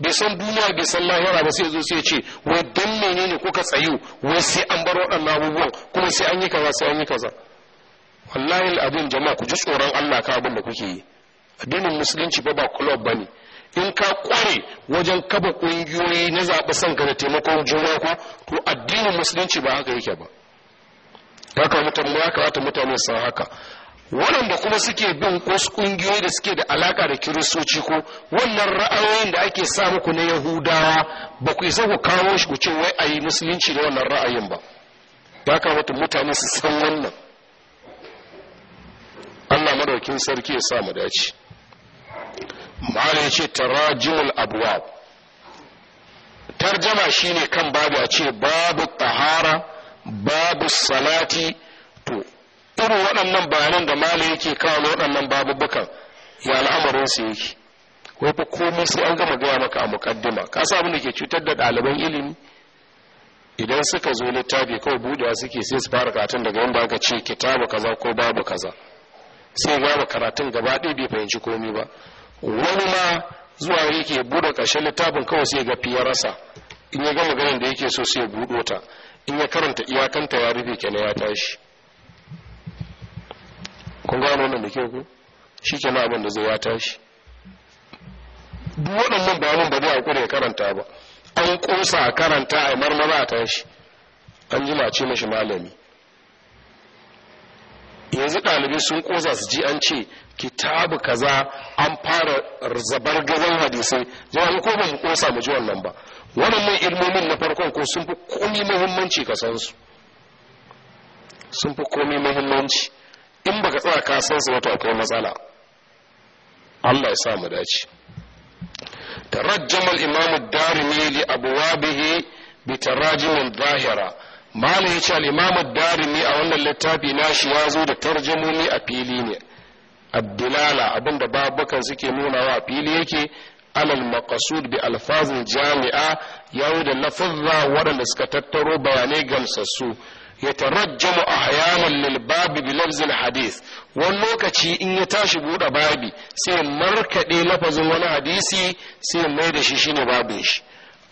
bai san duniya bai san lahira ba sai zo sai ce wai dan menene kuka tsayu wai sai an bar waɗannan abubuwan kuma sai an yi kaza sai an yi kaza wallahi abin jama'a ku ji tsoron Allah ka abin da kuke yi addinin musulunci ba ba club bane in ka kware wajen kaba ƙungiyoyi na zaɓi son ka da taimakon juna ko to addinin musulunci ba haka yake ba haka mutane ya wata mutane san haka waɗanda kuma suke bin wasu ƙungiyoyi da suke da alaka da kiristoci ko wannan ra'ayoyin da ake sa muku na yahudawa ba ku isa ku kawo shi ku ce wai a yi musulunci da wannan ra'ayin ba ya kamata mutane su san wannan allah madaukin sarki ya sa mu dace malai ce tarajimul abwab tarjama shine kan babu a ce babu tahara babu salati to irin waɗannan bayanan da malai yake kawo waɗannan babubukan ya al'amarin su yake wai fa komai sai an gama gaya maka a mukaddima ka sa abin da ke cutar da ɗaliban ilimi idan suka zo littafi kawai budewa suke sai su fara karatun daga yanda aka ce kitabu kaza ko babu kaza sai babu karatun gaba ɗaya bai fahimci komai ba wani ma zuwa yake buɗe ƙarshen littafin kawai sai ga fiye rasa in ya ga maganar da yake so sai ya buɗo ta in ya karanta iyakanta ya rufe kenan ya tashi kun gano wannan da ke ku shi kenan abin da zai ya tashi duk waɗannan bayanan ba zai haƙura ya karanta ba an ƙusa a karanta a marmara a tashi an jima ce mashi malami yanzu ɗalibi sun ƙusa su ji an ce kitabu kaza an fara zabar gazan hadisai jama'a ko koma mu kosa mu ji wannan ba wannan ilmomin na farkon ko sun fi komi muhimmanci ka san su sun fi komi muhimmanci in baka tsaya ka san su wato akwai matsala Allah ya sa mu dace Zahira, الإمام الدارمي لأبوابه بتراجم ظاهرة a wannan الإمام nashi ya zo da ناشي a fili ne. addilala abinda babukan suke nunawa fili yake alal maqasud bi alfazin jami'a yawo da lafazza waɗanda suka tattaro bayanai gamsassu Ya a يترجم أحيانا bi lafzin hadis, wani lokaci in ya tashi buɗe babi sai markaɗe lafazin wani hadisi sai mai da shi shine babin shi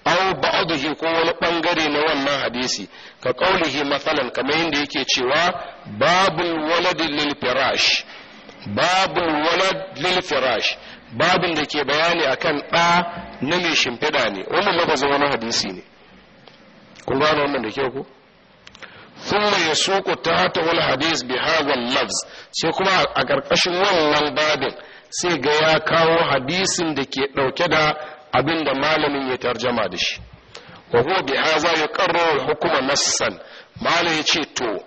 aw ba'dahi ko wani bangare na wannan hadisi ka qaulihi masalan kamar yadda yake cewa babul walad lil firash babu walad lil firash babin da ke bayani akan ɗa na mai shimfiɗa ne wannan lafazin wani hadisi ne kun gano wannan da ke ku thumma yasuqu tahta wal hadis bi hadha al lafz sai kuma a ƙarƙashin wannan babin sai ga ya kawo hadisin da ke ɗauke da abinda malamin ya tarjama da shi wa huwa bi hadha yuqarraru hukma nassan malam ce to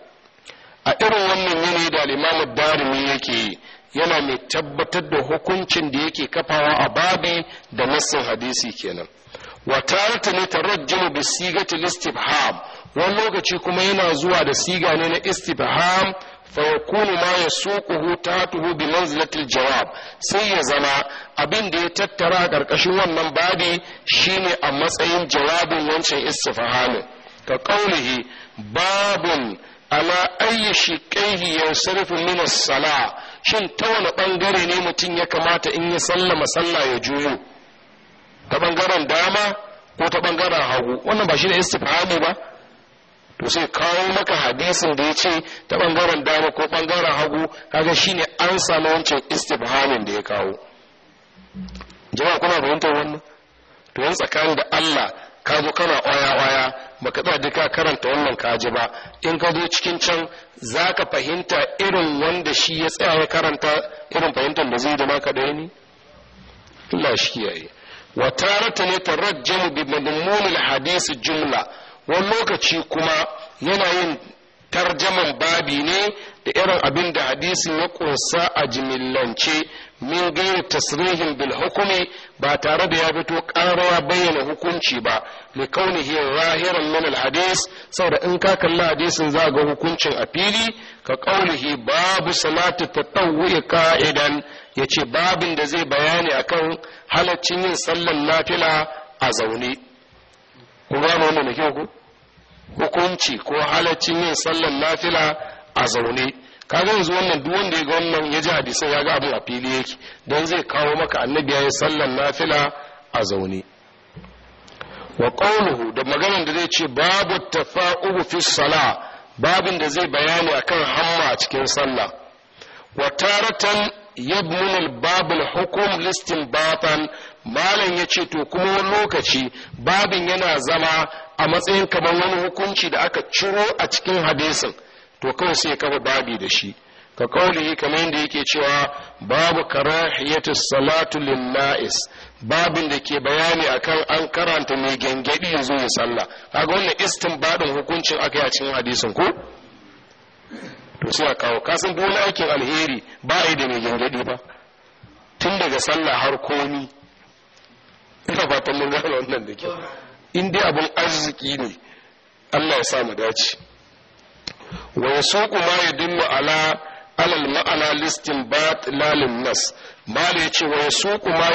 a irin wannan yanayi da limamu darimi yake yi yana mai tabbatar da hukuncin da yake kafawa a babi da nassin hadisi kenan wa tarata ne tarajjimu bi sigati istibham wani lokaci kuma yana zuwa da siga ne na istibham fa yakunu ma yasuquhu tatuhu bi manzilati jawab sai ya zama abin da ya tattara a karkashin wannan babi shine a matsayin jawabin wancan istifhamin ka qaulihi babun ala shi kaihi ya min as-sala shin ta wani bangare ne mutum ya kamata in ya sallama sallah ya juyo ta bangaren dama ko ta bangaren hagu wannan ba shi shine istifhamu ba to sai kawo maka hadisin da ya ce ta bangaren dama ko bangaren hagu kaga ne an samu wancan istifhamin da ya kawo jama'a kuna fahimtar wannan to yan tsakanin da Allah ka zo kana oya oya ka tsaya ka karanta wannan kaji ba in ka zo cikin can za ka fahimta irin wanda shi ya tsaya ya karanta irin fahimtar da zai dama ka ɗaya ne illa shi kiyaye wa tarata ne ta tarajjamu bi da hadisu jumla wani lokaci kuma yana yin tarjaman babi ne da irin abin da hadisin ya ƙunsa a jimillance min gairu tasrihin bil hukumi ba tare da ya fito ƙarara bayyana hukunci ba li kaunihi zahiran min al hadis saboda in ka kalli hadisin za ga hukuncin a fili ka kaunihi babu salatu tatawwu'i ka'idan yace babin da zai bayani akan halaccin yin sallan nafila a zaune ku ga wannan da ku hukunci ko halaccin yin sallan nafila a zaune kaga yanzu wannan duk wanda ya ga wannan ya ji hadisan ya ga abin a fili yake don zai kawo maka annabi ya yi sallan nafila a zaune wa qawluhu da maganar da zai ce babu tafa'u fi sala babin da zai bayani akan hamma a cikin sallah wa taratan yabmun al hukum listinbatan malam yace to kuma wani lokaci babin yana zama a matsayin kamar wani hukunci da aka ciro a cikin hadisin to kawai sai kafa babi da shi ka kaulihi kamar yadda yake cewa babu karahiyatus salatu lin na'is babin da ke bayani akan an karanta mai gyangyaɗi ya zo ya sallah kaga wannan baɗin hukuncin aka yi a cikin hadisin ko to sai a kawo kasan duk aikin alheri ba a yi da mai gyangyaɗi ba tun daga sallah har komi ina fatan mun gane wannan da kyau in dai abin arziki ne Allah ya sa mu dace wa yasuqu ma yadullu ala alal ma'ana listin bat lalin nas mala ya ce wa yasuqu ma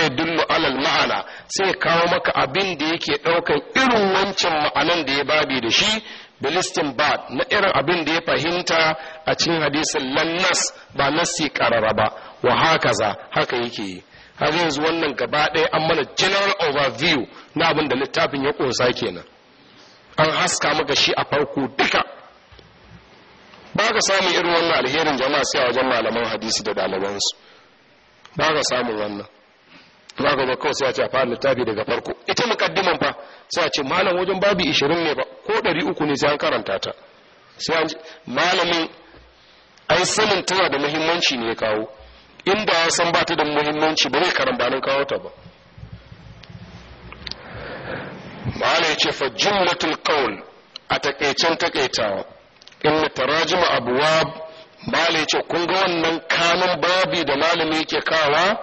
alal ma'ana sai ya kawo maka abin da yake ɗaukan irin wancan ma'anan da ya babi da shi Da bilistin bad na irin abin da ya fahimta a cikin hadisin lannas ba nassi karara ba wa hakaza haka yake yi har yanzu wannan gaba ɗaya an mana general overview na abin da littafin ya ƙunsa kenan an haska maka shi a farko duka ba ka samun irin wannan alherin jama'a sai a wajen malaman hadisi da dalibansu ba ka samun wannan ba ka kawai sai a ce a fara littafi daga farko ita mukaddiman fa sai a ce malam wajen babu ishirin ne ba ko ɗari uku ne sai an karanta ta sai an malamin ai sanin tana da muhimmanci ne kawo inda ya san ba ta da muhimmanci ba zai karambanin kawo ta ba ma'ana ya ce fa jumlatul qawl a takaicen takaitawa inna tarajima ba ne ce kun ga wannan kanun babi da malami yake kawa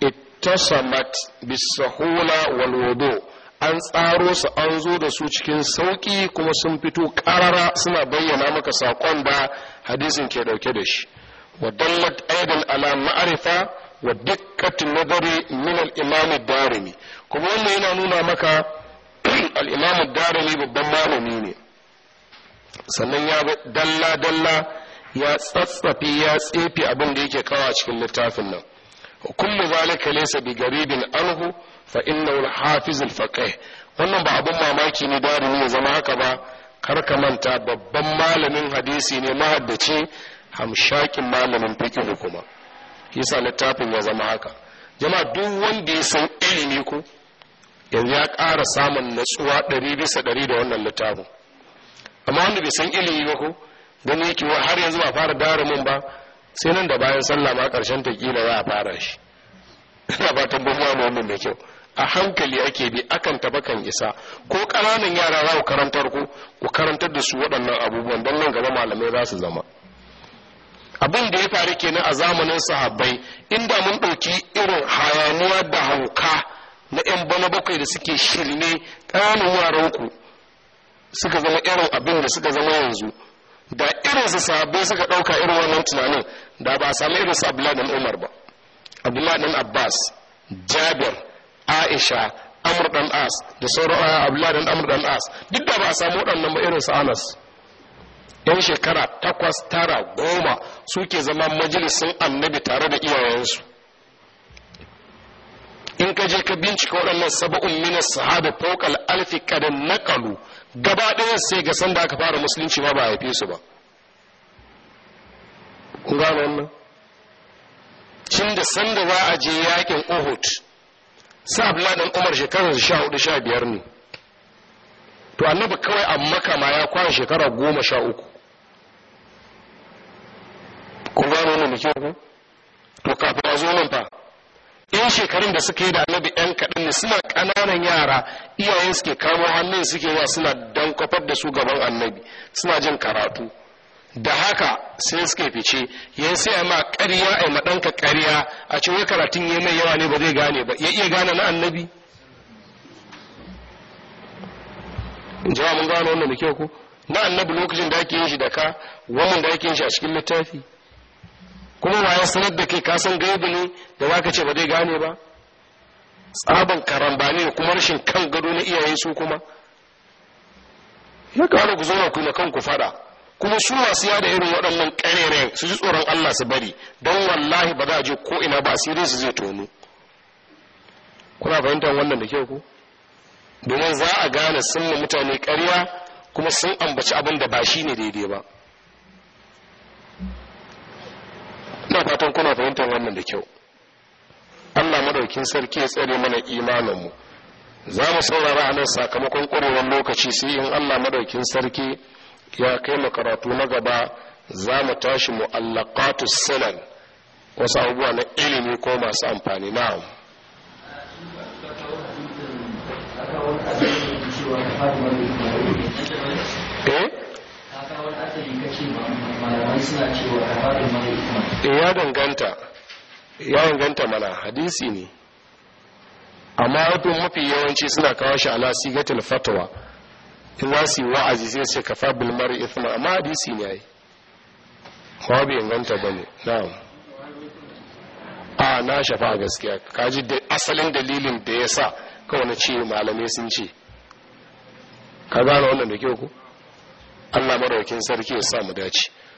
ittasamat bisahula wal an tsaro su an zo da su cikin sauki kuma sun fito karara suna bayyana maka sakon da hadisin ke dauke da shi wa dallat aidan ala ma'rifa wa dikkatu nadari min al imam darimi kuma wannan yana nuna maka al imam darimi babban malami ne sannan ya dalla dalla ya tsatsafi ya tsefe abin da yake kawa cikin littafin nan kullu zalika laysa bi garibin anhu fa innahu al-hafiz al-faqih wannan ba abin mamaki ne darimi ya zama haka ba kar ka manta babban malamin hadisi ne haddace hamshakin malamin fiqh kuma yasa littafin ya zama haka jama'a duk wanda ya san ilimi ko yanzu ya ƙara samun natsuwa ɗari bisa ɗari da wannan littafin amma wanda bai san ilimi ba ko gani yake har yanzu ba fara darumin ba sai nan da bayan sallah ma karshen ta kila za a fara shi ina ba ban mu wannan mai kyau a hankali ake bi akan taba kan isa ko ƙananan yara za ku karantar ku ku karantar da su waɗannan abubuwan don nan gaba malamai za su zama abin da ya faru kenan a zamanin sahabbai inda mun ɗauki irin hayaniya da hauka na 'yan bana bakwai da suke shirne ƙananan ku. suka zama irin abin da suka zama yanzu da irin su sahabbai suka ɗauka irin wannan tunanin da ba a sami irin su abdullahi dan umar ba abdullahi dan abbas jabir aisha amr dan as da sauran eh, abdullahi dan amr dan as duk da ba a samu waɗannan ba irin su anas yan shekara takwas tara goma suke zama majalisin annabi tare da iyayensu in ka je ka bincika waɗannan saba'un minas sahaba fawqa al-alfi kad naqalu gaba ɗaya sai ga sanda aka fara musulunci ma ba a haife su ba kun gano wannan cin da sanda za a je yakin uhud sa abladin umar shekarar sha hudu sha biyar ne to annabi kawai a makama ya kwana shekara goma sha uku kun gano wannan da kyau to kafin a zo nan fa yan shekarun da suka yi da annabi yan kaɗan ne suna ƙananan yara iyayen suke kamo hannun suke wa suna dan kwafar da su gaban annabi suna jin karatu da haka sai suke fice yan sai ma ƙarya a ma ɗanka ƙarya a ce wai karatun ya mai yawa ne ba zai gane ba ya iya gane na annabi jama'a mun gano wannan da kyau ko na annabi lokacin da ake yin shi da ka wannan da ake yin shi a cikin littafi kuma wa ya sanar da ke ka san gaibu ne da za ka ce ba zai gane ba tsaban karambani ne kuma rashin kan gado na iyaye su kuma ya kawo ku zauna ku na kanku fada kuma su masu yada irin waɗannan ƙarere su ji tsoron Allah su bari don wallahi ba za a je ko ina ba asirin su zai tonu kuna fahimtar wannan da kyau ku domin za a gane sun mutane ƙarya kuma sun ambaci abin da ba shi ne daidai ba ina fatan kuna fahimtar wannan da kyau allah madaukin sarki ya tsare mana imaninmu za mu saurara a nan sakamakon ƙwarewar lokaci sai in allah madaukin sarki ya kai mu karatu na gaba za mu tashi mu'allaqatu sanan wasu abubuwa na ilimi ko masu amfani na eh Eh, ya danganta ya danganta mana hadisi ne amma rufin mafi yawanci suna kawo shi ala sigatul fatwa in za su yi wa'azi sai su kafa bilmar ithma amma hadisi ne ai kuma bai inganta ba ne na'am a na shafa gaskiya kaji da asalin dalilin da ya sa kawai na ce malamai sun ce ka gane wannan da kyau ku Allah maraukin sarki ya sa mu dace